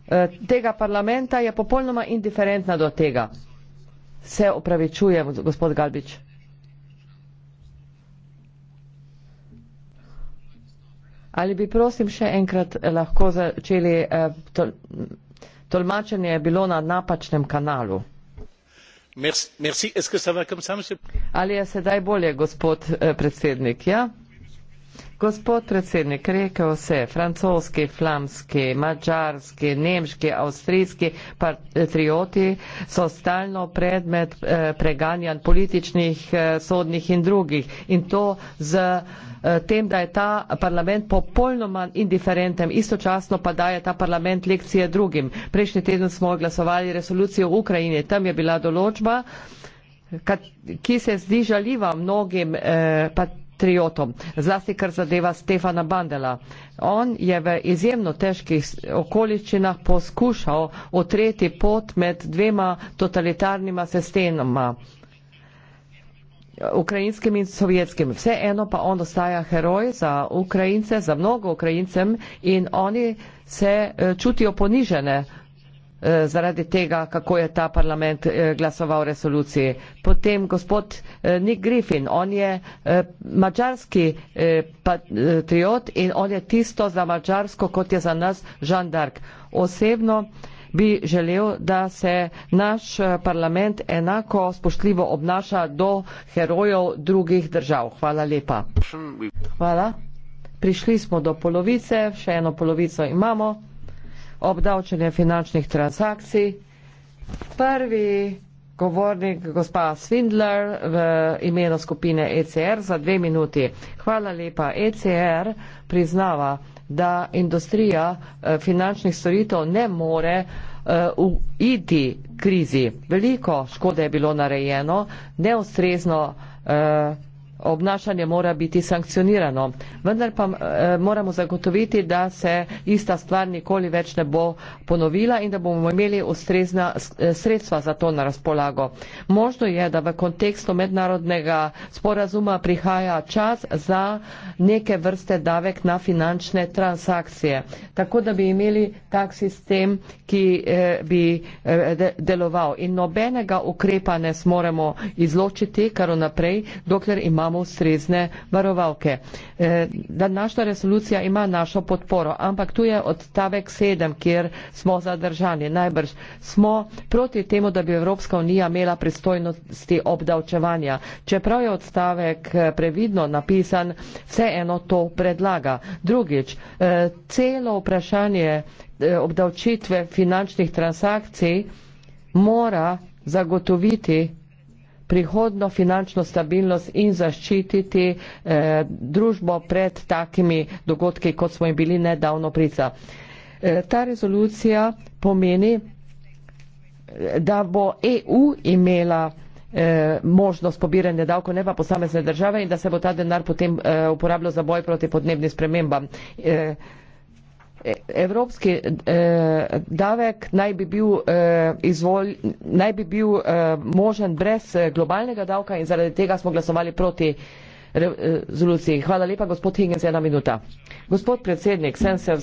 eh, tega parlamenta je popolnoma indiferentna do tega. Se opravičujem, gospod Galbič. Ali bi prosim še enkrat lahko začeli, eh, tol, tolmačenje je bilo na napačnem kanalu. Merci. Merci. Ça va comme ça, Ali je sedaj bolje, gospod eh, predsednik? Ja? Gospod predsednik, rekel vse, francoski, flamski, mačarski, nemški, avstrijski patrioti so stalno predmet eh, preganjan političnih, eh, sodnih in drugih. In to z eh, tem, da je ta parlament popolnoma indiferenten, istočasno pa daje ta parlament lekcije drugim. Prejšnji teden smo glasovali resolucijo v Ukrajini, tam je bila določba, ki se zdi žaljiva mnogim eh, patrioti patriotom, zlasti kar zadeva Stefana Bandela. On je v izjemno težkih okoliščinah poskušal otreti pot med dvema totalitarnima sistemoma, ukrajinskim in sovjetskim. Vseeno pa on ostaja heroj za Ukrajince, za mnogo Ukrajincem in oni se eh, čutijo ponižene. Eh, zaradi tega, kako je ta parlament eh, glasoval resoluciji. Potem gospod eh, Nick Griffin, on je mačarski patriot in on je tisto za mačarsko, kot je za nas Žan Dark. Osebno bi želel, da se naš parlament enako spoštljivo obnaša do herojev drugih držav. Hvala lepa. Hvala. Prišli smo do polovice, še eno polovico imamo obdavčenja finančnih transakcij. Prvi govornik, gospa Svindler, v imenu skupine ECR za dve minuti. Hvala lepa. ECR priznava, da industrija eh, finančnih storitev ne more eh, uiti krizi. Veliko škode je bilo narejeno, neustrezno. Eh, obnašanje mora biti sankcionirano. Vendar pa eh, moramo zagotoviti, da se ista stvar nikoli več ne bo ponovila in da bomo imeli ustrezna eh, sredstva za to na razpolago. Možno je, da v kontekstu mednarodnega sporazuma prihaja čas za neke vrste davek na finančne transakcije. Tako da bi imeli tak sistem, ki eh, bi eh, de deloval. In nobenega ukrepa ne smemo izločiti kar naprej, dokler imamo imamo ustrezne varovalke. Eh, današnja resolucija ima našo podporo, ampak tu je odstavek sedem, kjer smo zadržani. Najbrž smo proti temu, da bi Evropska unija imela pristojnosti obdavčevanja. Čeprav je odstavek eh, previdno napisan, vseeno to predlaga. Drugič, eh, celo vprašanje obdavčitve finančnih transakcij mora zagotoviti prihodno finančno stabilnost in zaščititi eh, družbo pred takimi dogodki, kot smo jim bili nedavno prica. Eh, ta rezolucija pomeni, eh, da bo EU imela eh, možnost pobiranja davko, ne pa posamezne države in da se bo ta denar potem eh, uporabljal za boj proti podnebnim spremembam. Eh, E, evropski eh, davek naj bi bil, eh, izvol, naj bi bil eh, možen brez e, globalnega davka in zaradi tega smo glasovali proti. Eh, rezoluciji. Hvala lepa, gospod Higgins, ena minuta. Gospod predsednik, sem se eh,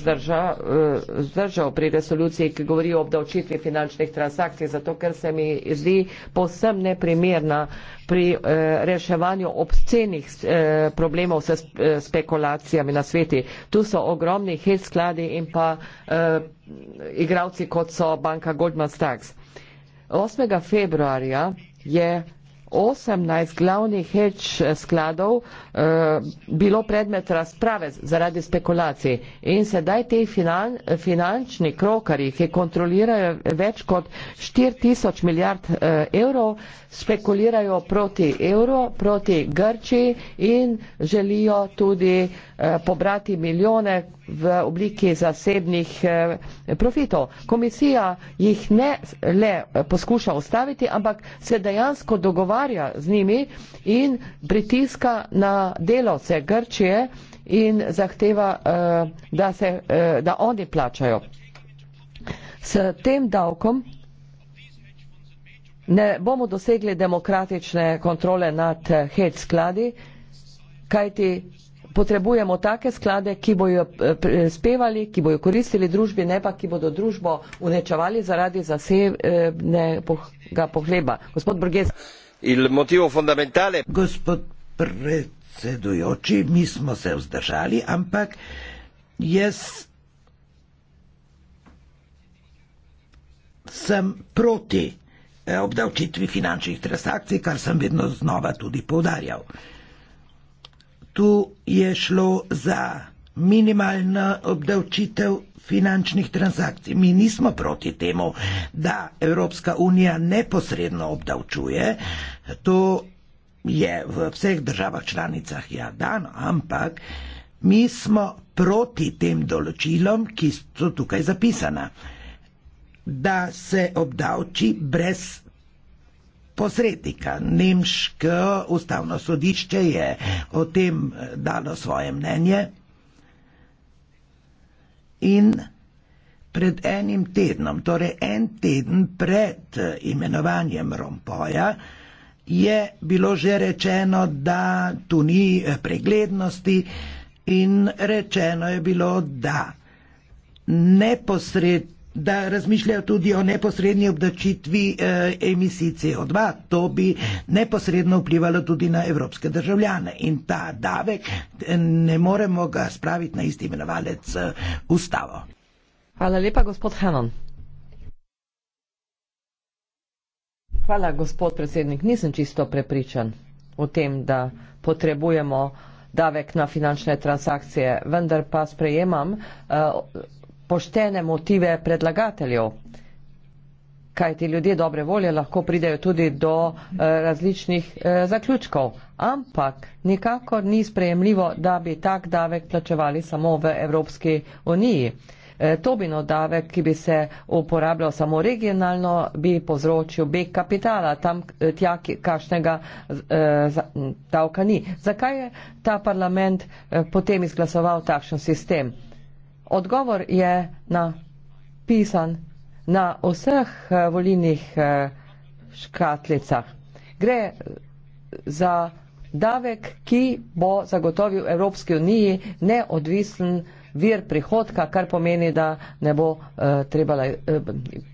vzdržal pri resoluciji, ki govori o obdavčitvi finančnih transakcij, zato ker se mi zdi posem neprimerna pri eh, reševanju obscenih problemov s spekulacijami na sveti. Tu so ogromni hit skladi in pa igravci, kot so banka Goldman Sachs. 8. februarja je 18 glavnih heč eh, skladov eh, bilo predmet razprave zaradi spekulacij in sedaj ti finan, finančni krokari, ki kontrolirajo več kot 4000 milijard eh, evrov, spekulirajo proti evro, proti Grčiji in želijo tudi eh, Eh, pobrati milijone v obliki zasebnih eh, profitov. Komisija jih ne le eh, poskuša ustaviti, ampak se dejansko dogovarja z njimi in pritiska na delovce Grčije in zahteva, da, se, da oni plačajo. S tem davkom ne bomo dosegli demokratične kontrole nad hedge skladi, kajti potrebujemo take sklade, ki bojo eh, prispevali, ki bojo koristili družbi, ne pa ki bodo družbo unečevali zaradi zasebnega pohleba. Gospod Brges. Il motivo fondamentale. Gospod predsedujoči, mi smo se vzdržali, ampak jaz sem proti eh, obdavčitvi finančnih transakcij, kar sem vedno znova tudi povdarjal tu je šlo za minimalno obdavčitev finančnih transakcij. Mi nismo proti temu, da Evropska unija neposredno obdavčuje. To je v vseh državah članicah ja dano, ampak mi smo proti tem določilom, ki so tukaj zapisana, da se obdavči brez posrednika. Nemško ustavno sodišče je o tem dalo svoje mnenje in pred enim tednom, torej en teden pred imenovanjem Rompoja, je bilo že rečeno, da tu ni eh, preglednosti in rečeno je bilo, da neposredno da razmišljajo tudi o neposrednji obdačitvi eh, emisij CO2. To bi neposredno vplivalo tudi na evropske državljane in ta davek eh, ne moremo ga spraviti na isti imenovalec eh, ustavo. Hvala lepa, gospod Hanon. Hvala, gospod predsednik. Nisem čisto prepričan o tem, da potrebujemo davek na finančne transakcije, vendar pa sprejemam. Uh, poštene motive predlagateljev. Kaj ti ljudje dobre volje lahko pridejo tudi do eh, različnih eh, zaključkov. Ampak nikakor ni sprejemljivo, da bi tak davek plačevali samo v Evropski uniji. Eh, Tobino davek, ki bi se uporabljal samo regionalno, bi povzročil beg kapitala, tam tja kašnega davka ni. Zakaj je ta parlament potem izglasoval takšen sistem? Odgovor je napisan na vseh eh, volilnih eh, škatlicah. Gre za davek, ki bo zagotovil Evropski uniji neodvisen vir prihodka, kar pomeni, da ne bo eh, trebala,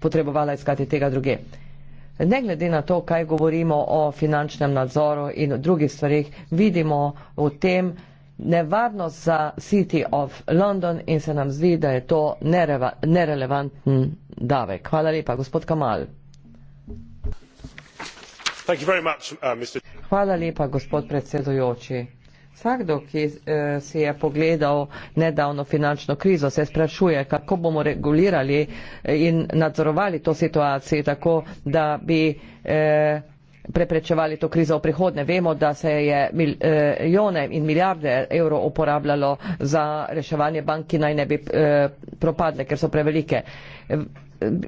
potrebovala iskati tega druge. Ne glede na to, kaj govorimo o finančnem nadzoru in o drugih stvarih, vidimo v tem, nevarnost za City of London in se nam zdi, da je to nereva, nerelevanten davek. Hvala lepa, gospod Kamal. Much, uh, Mr... Hvala lepa, gospod predsedujoči. Vsakdo, ki eh, si je pogledal nedavno finančno krizo, se sprašuje, kako bomo regulirali in nadzorovali to situacijo tako, da bi. Eh, preprečevali to krizo v prihodnje. Vemo, da se je milijone eh, in milijarde evrov uporabljalo za reševanje bank, ki naj ne bi eh, propadle, ker so prevelike.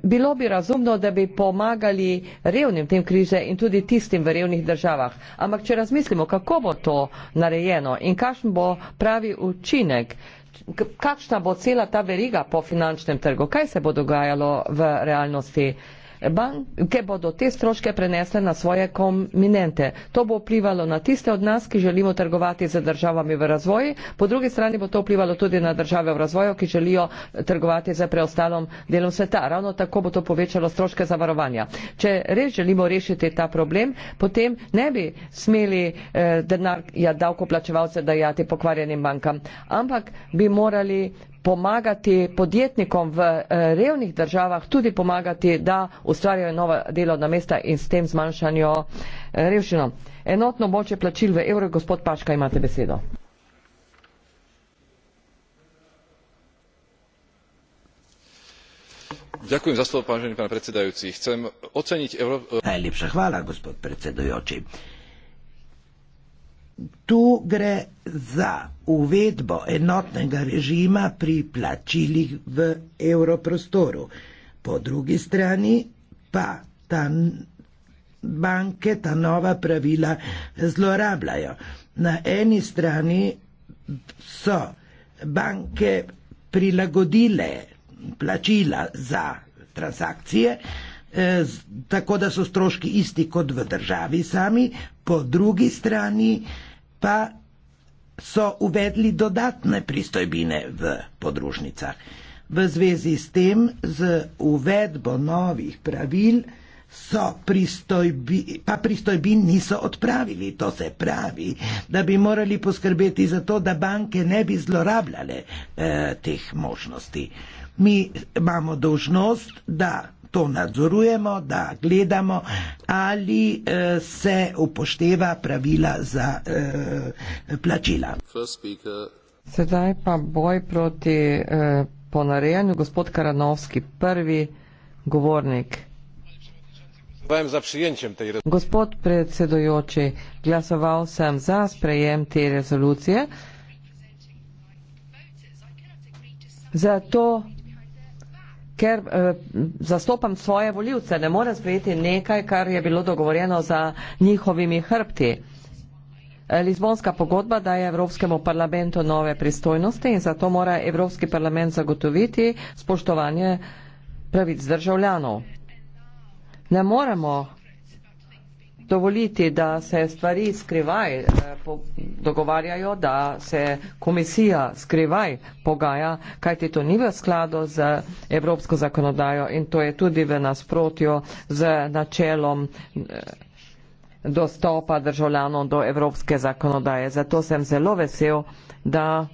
Bilo bi razumno, da bi pomagali revnim tem krize in tudi tistim v revnih državah. Ampak, če razmislimo, kako bo to narejeno in kakšen bo pravi učinek, kakšna bo cela ta veriga po finančnem trgu, kaj se bo dogajalo v realnosti, banke bodo te stroške prenesle na svoje kominente. To bo vplivalo na tiste od nas, ki želimo trgovati z državami v razvoju, po drugi strani bo to vplivalo tudi na države v razvoju, ki želijo trgovati z preostalom delom sveta. Ravno tako bo to povečalo stroške zavarovanja. Če res želimo rešiti ta problem, potem ne bi smeli eh, denar ja, davkoplačevalce dajati pokvarjenim bankam, ampak bi morali pomagati podjetnikom v eh, revnih državah, tudi pomagati, da ustvarjajo nova delovna mesta in s tem zmanjšanjo eh, revščino. Enotno boče plačil v evro, gospod Paška, imate besedo. Ďakujem za slovo, pán predsedajúci. Chcem oceniť Európsku... Najlepšia chvála, gospod predsedajúci. Tu gre za uvedbo enotnega režima pri plačilih v evroprostoru. Po drugi strani pa ta banke ta nova pravila zlorabljajo. Na eni strani so banke prilagodile plačila za transakcije, eh, tako da so stroški isti kot v državi sami, po drugi strani pa so uvedli dodatne pristojbine v podružnicah. V zvezi s tem, z uvedbo novih pravil, so pristojbi, pa pristojbin niso odpravili. To se pravi, da bi morali poskrbeti za to, da banke ne bi zlorabljale eh, teh možnosti. Mi imamo dožnost, da to nadzorujemo, da gledamo, ali eh, se upošteva pravila za eh, plačila. Sedaj pa boj proti eh, ponarejanju. Gospod Karanovski, prvi govornik. Gospod predsedojoči, glasoval sem za sprejem te rezolucije. Zato ker eh, zastopam svoje voljivce, ne morem sprejeti nekaj, kar je bilo dogovorjeno za njihovimi hrbti. Lizbonska pogodba daje Evropskemu parlamentu nove pristojnosti in zato mora Evropski parlament zagotoviti spoštovanje pravic državljanov. Ne moremo dovoliti, da se stvari skrivaj eh, dogovarjajo, da se komisija skrivaj pogaja, kajti to ni v skladu z evropsko zakonodajo in to je tudi v nasprotju z načelom. Eh, dostopa državljanov do evropske zakonodaje. Zato sem zelo vesel, da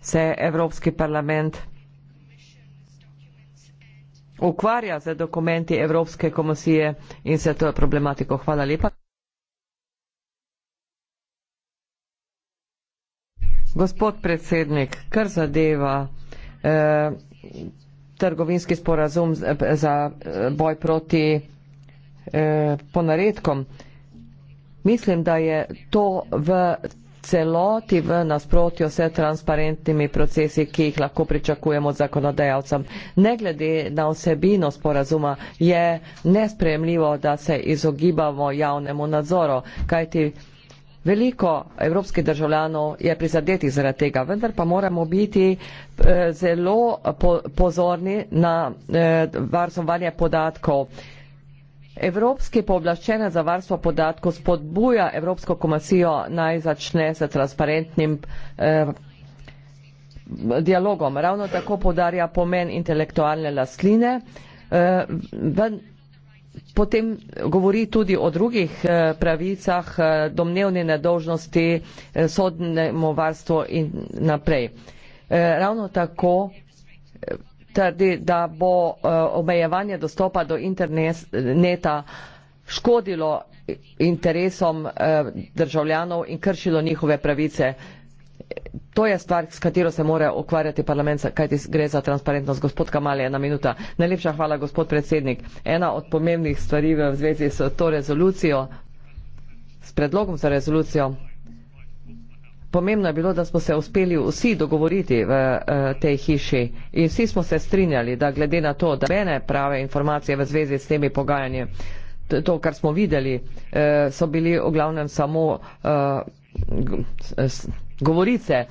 se Evropski parlament ukvarja z dokumenti Evropske komisije in se to problematiko. Hvala lepa. Gospod predsednik, kar zadeva eh, trgovinski sporazum eh, za, za eh, boj proti eh, ponaredkom, mislim, da je to v celoti v nasprotju s transparentnimi procesi, ki jih lahko pričakujemo od zakonodajalcem. Ne glede na vsebino sporazuma je nespremljivo, da se izogibamo javnemu nadzoru, kajti veliko evropskih državljanov je prizadeti zaradi tega, vendar pa moramo biti eh, zelo pozorni na eh, varstvovanje podatkov. Evropski pooblaščene za varstvo podatkov spodbuja Evropsko komisijo naj začne s transparentnim eh, dialogom. Ravno tako podarja pomen intelektualne lastline. Eh, Potem govori tudi o drugih eh, pravicah, eh, domnevne nedožnosti, eh, sodnemu varstvu in naprej. Ravno tako trdi, da bo eh, omejevanje dostopa do interneta škodilo interesom eh, državljanov in kršilo njihove pravice. To je stvar, s katero se mora ukvarjati parlament, kajti gre za transparentnost. Gospod Kamal, ena minuta. Najlepša hvala, gospod predsednik. Ena od pomembnih stvari v zvezi s to rezolucijo, s predlogom za rezolucijo, Pomembno je bilo, da smo se uspeli vsi dogovoriti v uh, tej hiši in vsi smo se strinjali, da glede na to, da bene prave informacije v zvezi s temi pogajanji, to, kar smo videli, uh, so bili v glavnem samo uh, govorice.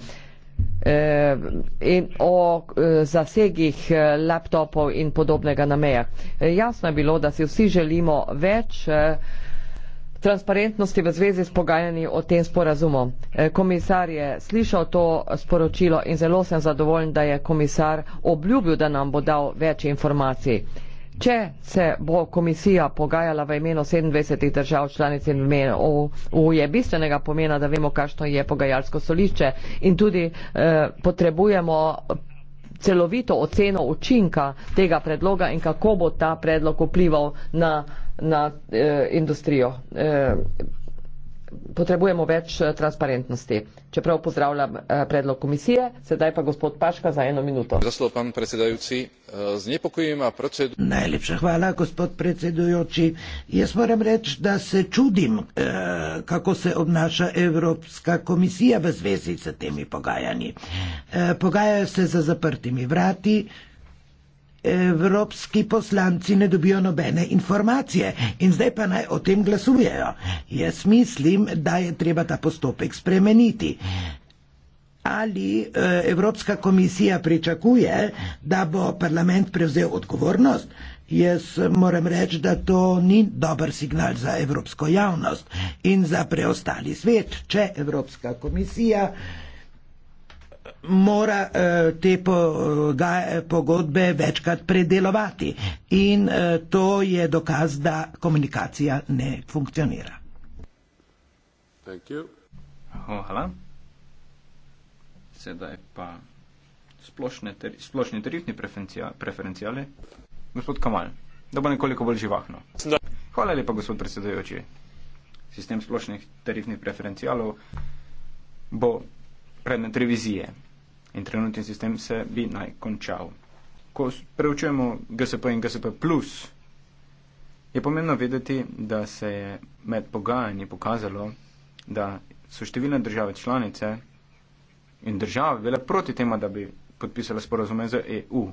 In o zasegih laptopov in podobnega na mejah. Jasno je bilo, da si vsi želimo več transparentnosti v zvezi s pogajanji o tem sporazumu. E, komisar je slišal to sporočilo in zelo sem zadovoljen, da je komisar obljubil, da nam bo dal več informacij. Če se bo komisija pogajala v imenu 27 držav članic in imenu EU, je bistvenega pomena, da vemo, kakšno je pogajalsko solišče in tudi eh, potrebujemo celovito oceno učinka tega predloga in kako bo ta predlog vplival na na eh, industrijo. Eh, Potrebujemo več eh, transparentnosti. Čeprav pozdravljam eh, predlog komisije, sedaj pa gospod Paška za eno minuto. Zaslov, pan predsedajoci, eh, znepokojima proced... Najlepša hvala, gospod predsedujoči. Jaz moram reči, da se čudim, kako se obnaša Evropska komisija v zvezi s temi pogajanji. Pogajajo se za zaprtimi vrati, evropski poslanci ne dobijo nobene informacije in zdaj pa naj o tem glasujejo. Jaz mislim, da je treba ta postopek spremeniti. Ali eh, Evropska komisija pričakuje, da bo parlament prevzel odgovornost? Jaz moram reči, da to ni dober signal za evropsko javnost in za preostali svet, če Evropska komisija mora uh, te po, ga, pogodbe večkrat predelovati. In uh, to je dokaz, da komunikacija ne funkcionira. Oh, hvala. Sedaj pa splošne, ter, splošne tarifni preferencija, preferencijale. Gospod Kamal, da bo nekoliko bolj živahno. Hvala lepa, gospod predsedajoči. Sistem splošnih tarifnih preferencijalov bo predmet revizije in trenutni sistem se bi naj končal. Ko preučujemo GSP in GSP, je pomembno vedeti, da se je med pogajanji pokazalo, da so številne države članice in države bile proti temu, da bi podpisale sporozume z EU.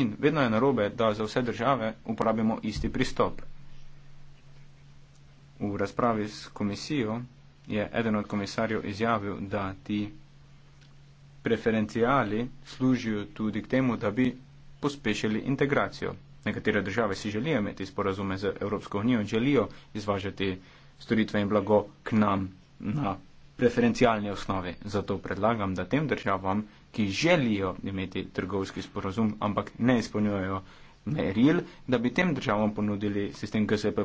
In vedno je narobe, da za vse države uporabimo isti pristop. V razpravi s komisijo je eden od komisarjev izjavil, da ti preferenciali služijo tudi k temu, da bi pospešili integracijo. Nekatere države si želijo imeti sporazume z Evropsko unijo in želijo izvažati storitve in blago k nam na preferencialni osnovi. Zato predlagam, da tem državam, ki želijo imeti trgovski sporazum, ampak ne izpolnjujejo meril, da bi tem državam ponudili sistem GSP.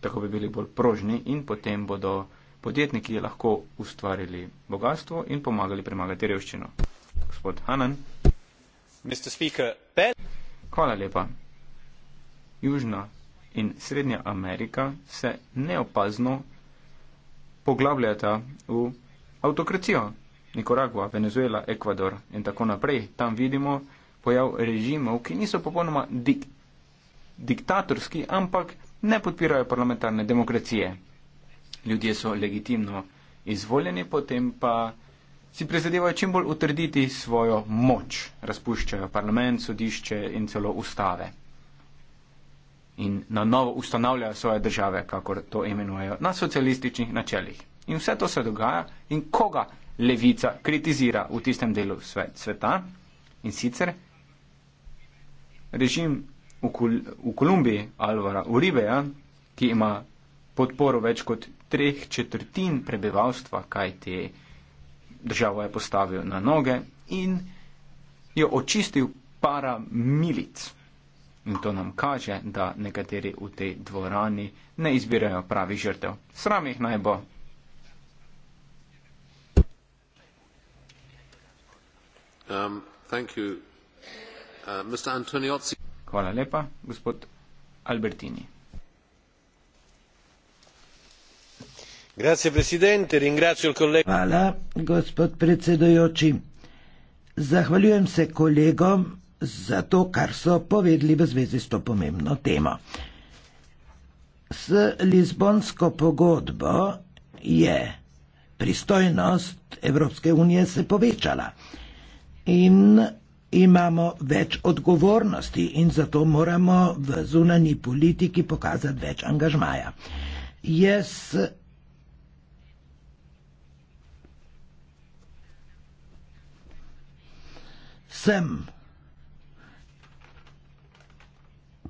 Tako bi bili bolj prožni in potem bodo podjetniki lahko ustvarili bogatstvo in pomagali premagati revščino. Gospod Hanan. Hvala lepa. Južna in Srednja Amerika se neopazno poglabljata v avtokracijo. Nikaragua, Venezuela, Ekvador in tako naprej. Tam vidimo pojav režimov, ki niso popolnoma dik diktatorski, ampak ne podpirajo parlamentarne demokracije ljudje so legitimno izvoljeni, potem pa si prizadevajo čim bolj utrditi svojo moč, razpuščajo parlament, sodišče in celo ustave. In na novo ustanavljajo svoje države, kakor to imenujejo, na socialističnih načelih. In vse to se dogaja in koga levica kritizira v tistem delu svet, sveta in sicer režim v, Kol v Kolumbiji Alvara Uribeja, ki ima podporo več kot treh četrtin prebivalstva, kaj te državo je postavil na noge in jo očistil para milic. In to nam kaže, da nekateri v tej dvorani ne izbirajo pravi žrtev. Sram jih naj bo. Um, thank you. Uh, Mr. Hvala lepa, gospod Albertini. Grazie presidente, ringrazio il collega. Hvala, gospod predsedujoči. Zahvaljujem se kolegom za to, kar so povedali v zvezi s to pomembno temo. S Lizbonsko pogodbo je pristojnost Evropske unije se povečala in imamo več odgovornosti in zato moramo v zunanji politiki pokazati več angažmaja. Jaz sem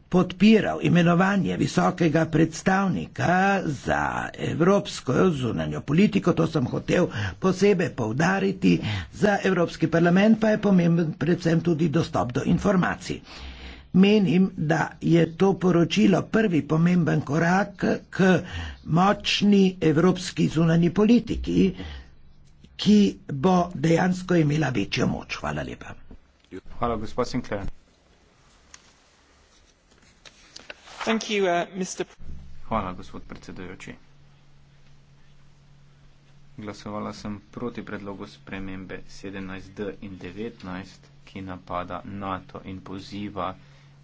podpiral imenovanje visokega predstavnika za evropsko zunanjo politiko, to sem hotel posebej povdariti, za Evropski parlament pa je pomemben predvsem tudi dostop do informacij. Menim, da je to poročilo prvi pomemben korak k močni evropski zunani politiki, ki bo dejansko imela večjo moč. Hvala lepa. Hvala, gospa Sinclair. Thank you, uh, Mr. Hvala, gospod predsedujoči. Glasovala sem proti predlogu spremembe 17d in 19, ki napada NATO in poziva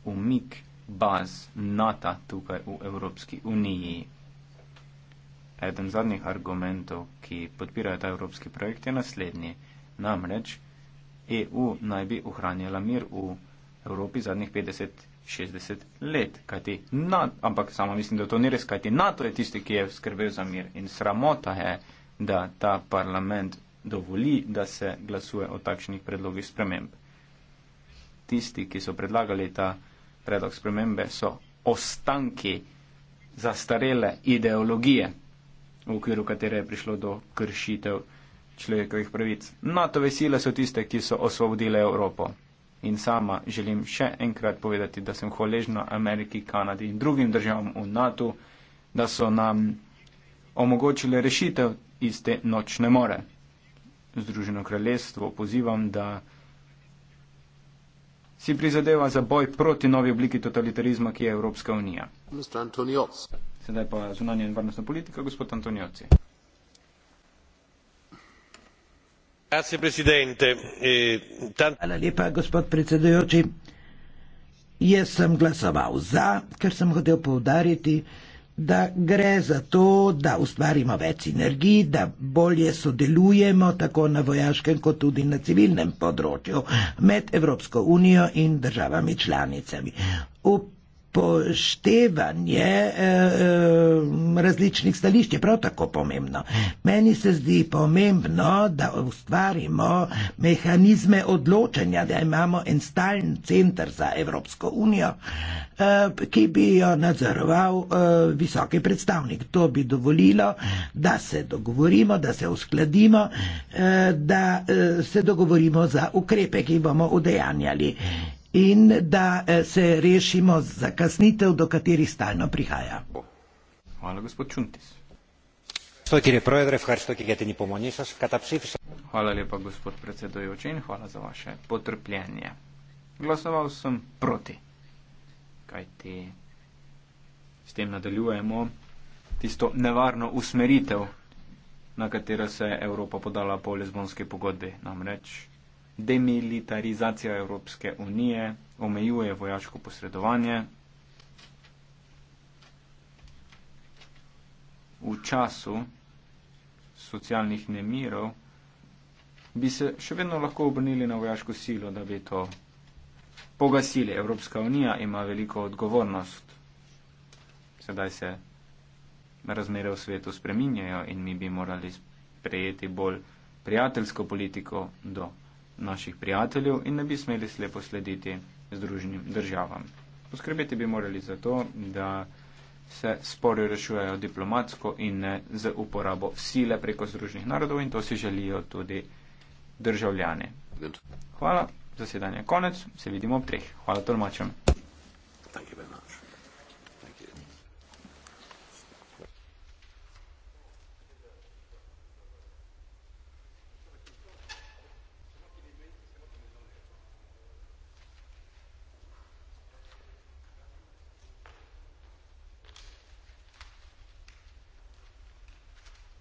umik baz NATO tukaj v Evropski uniji. Eden zadnjih argumentov, ki podpirajo ta evropski projekt, je naslednji. Namreč, EU naj bi ohranjala mir v Evropi zadnjih 50-60 let. NATO, ampak sama mislim, da to ni res, kajti NATO je tisti, ki je skrbel za mir in sramota je, da ta parlament dovoli, da se glasuje o takšnih predlogih sprememb. Tisti, ki so predlagali ta predlog spremembe, so ostanki zastarele ideologije, v okviru katere je prišlo do kršitev človekovih pravic. NATO-ve no, sile so tiste, ki so osvobodile Evropo. In sama želim še enkrat povedati, da sem hvaležna Ameriki, Kanadi in drugim državam v NATO, da so nam omogočile rešitev iz te nočne more. Združeno kraljestvo pozivam, da si prizadeva za boj proti novi obliki totalitarizma, ki je Evropska unija. Sedaj pa zunanje in varnostna politika, gospod Antonioci. E, hvala lepa gospod predsedujoči jaz sem glasoval za ker sem hotel povdariti da gre za to da ustvarimo več energij da bolje sodelujemo tako na vojaškem kot tudi na civilnem področju med evropsko unijo in državami članicami poštevanje eh, eh, različnih stališč je prav tako pomembno. Meni se zdi pomembno, da ustvarimo mehanizme odločanja, da imamo en stalen centr za Evropsko unijo, eh, ki bi jo nadzoroval visoki predstavnik. To bi dovolilo, da se dogovorimo, da se uskladimo, da se dogovorimo za ukrepe, ki bomo udejanjali in da eh, se rešimo zakasnitev, do katerih stalno prihaja. Hvala, gospod Čuntis. Hvala lepa, gospod predsedojoči, in hvala za vaše potrpljenje. Glasoval sem proti, kajti s tem nadaljujemo tisto nevarno usmeritev, na katero se je Evropa podala po lezbonski pogodbi. Namreč demilitarizacija Evropske unije, omejuje vojaško posredovanje. V času socialnih nemirov bi se še vedno lahko obrnili na vojaško silo, da bi to pogasili. Evropska unija ima veliko odgovornost. Sedaj se razmere v svetu spreminjajo in mi bi morali prejeti bolj prijateljsko politiko do naših prijateljev in ne bi smeli slepo slediti združenim državam. Poskrbeti bi morali za to, da se spori rešujejo diplomatsko in ne z uporabo sile preko združenih narodov in to si želijo tudi državljani. Hvala, zasedanje konec, se vidimo ob treh. Hvala tolmačem. Thank you,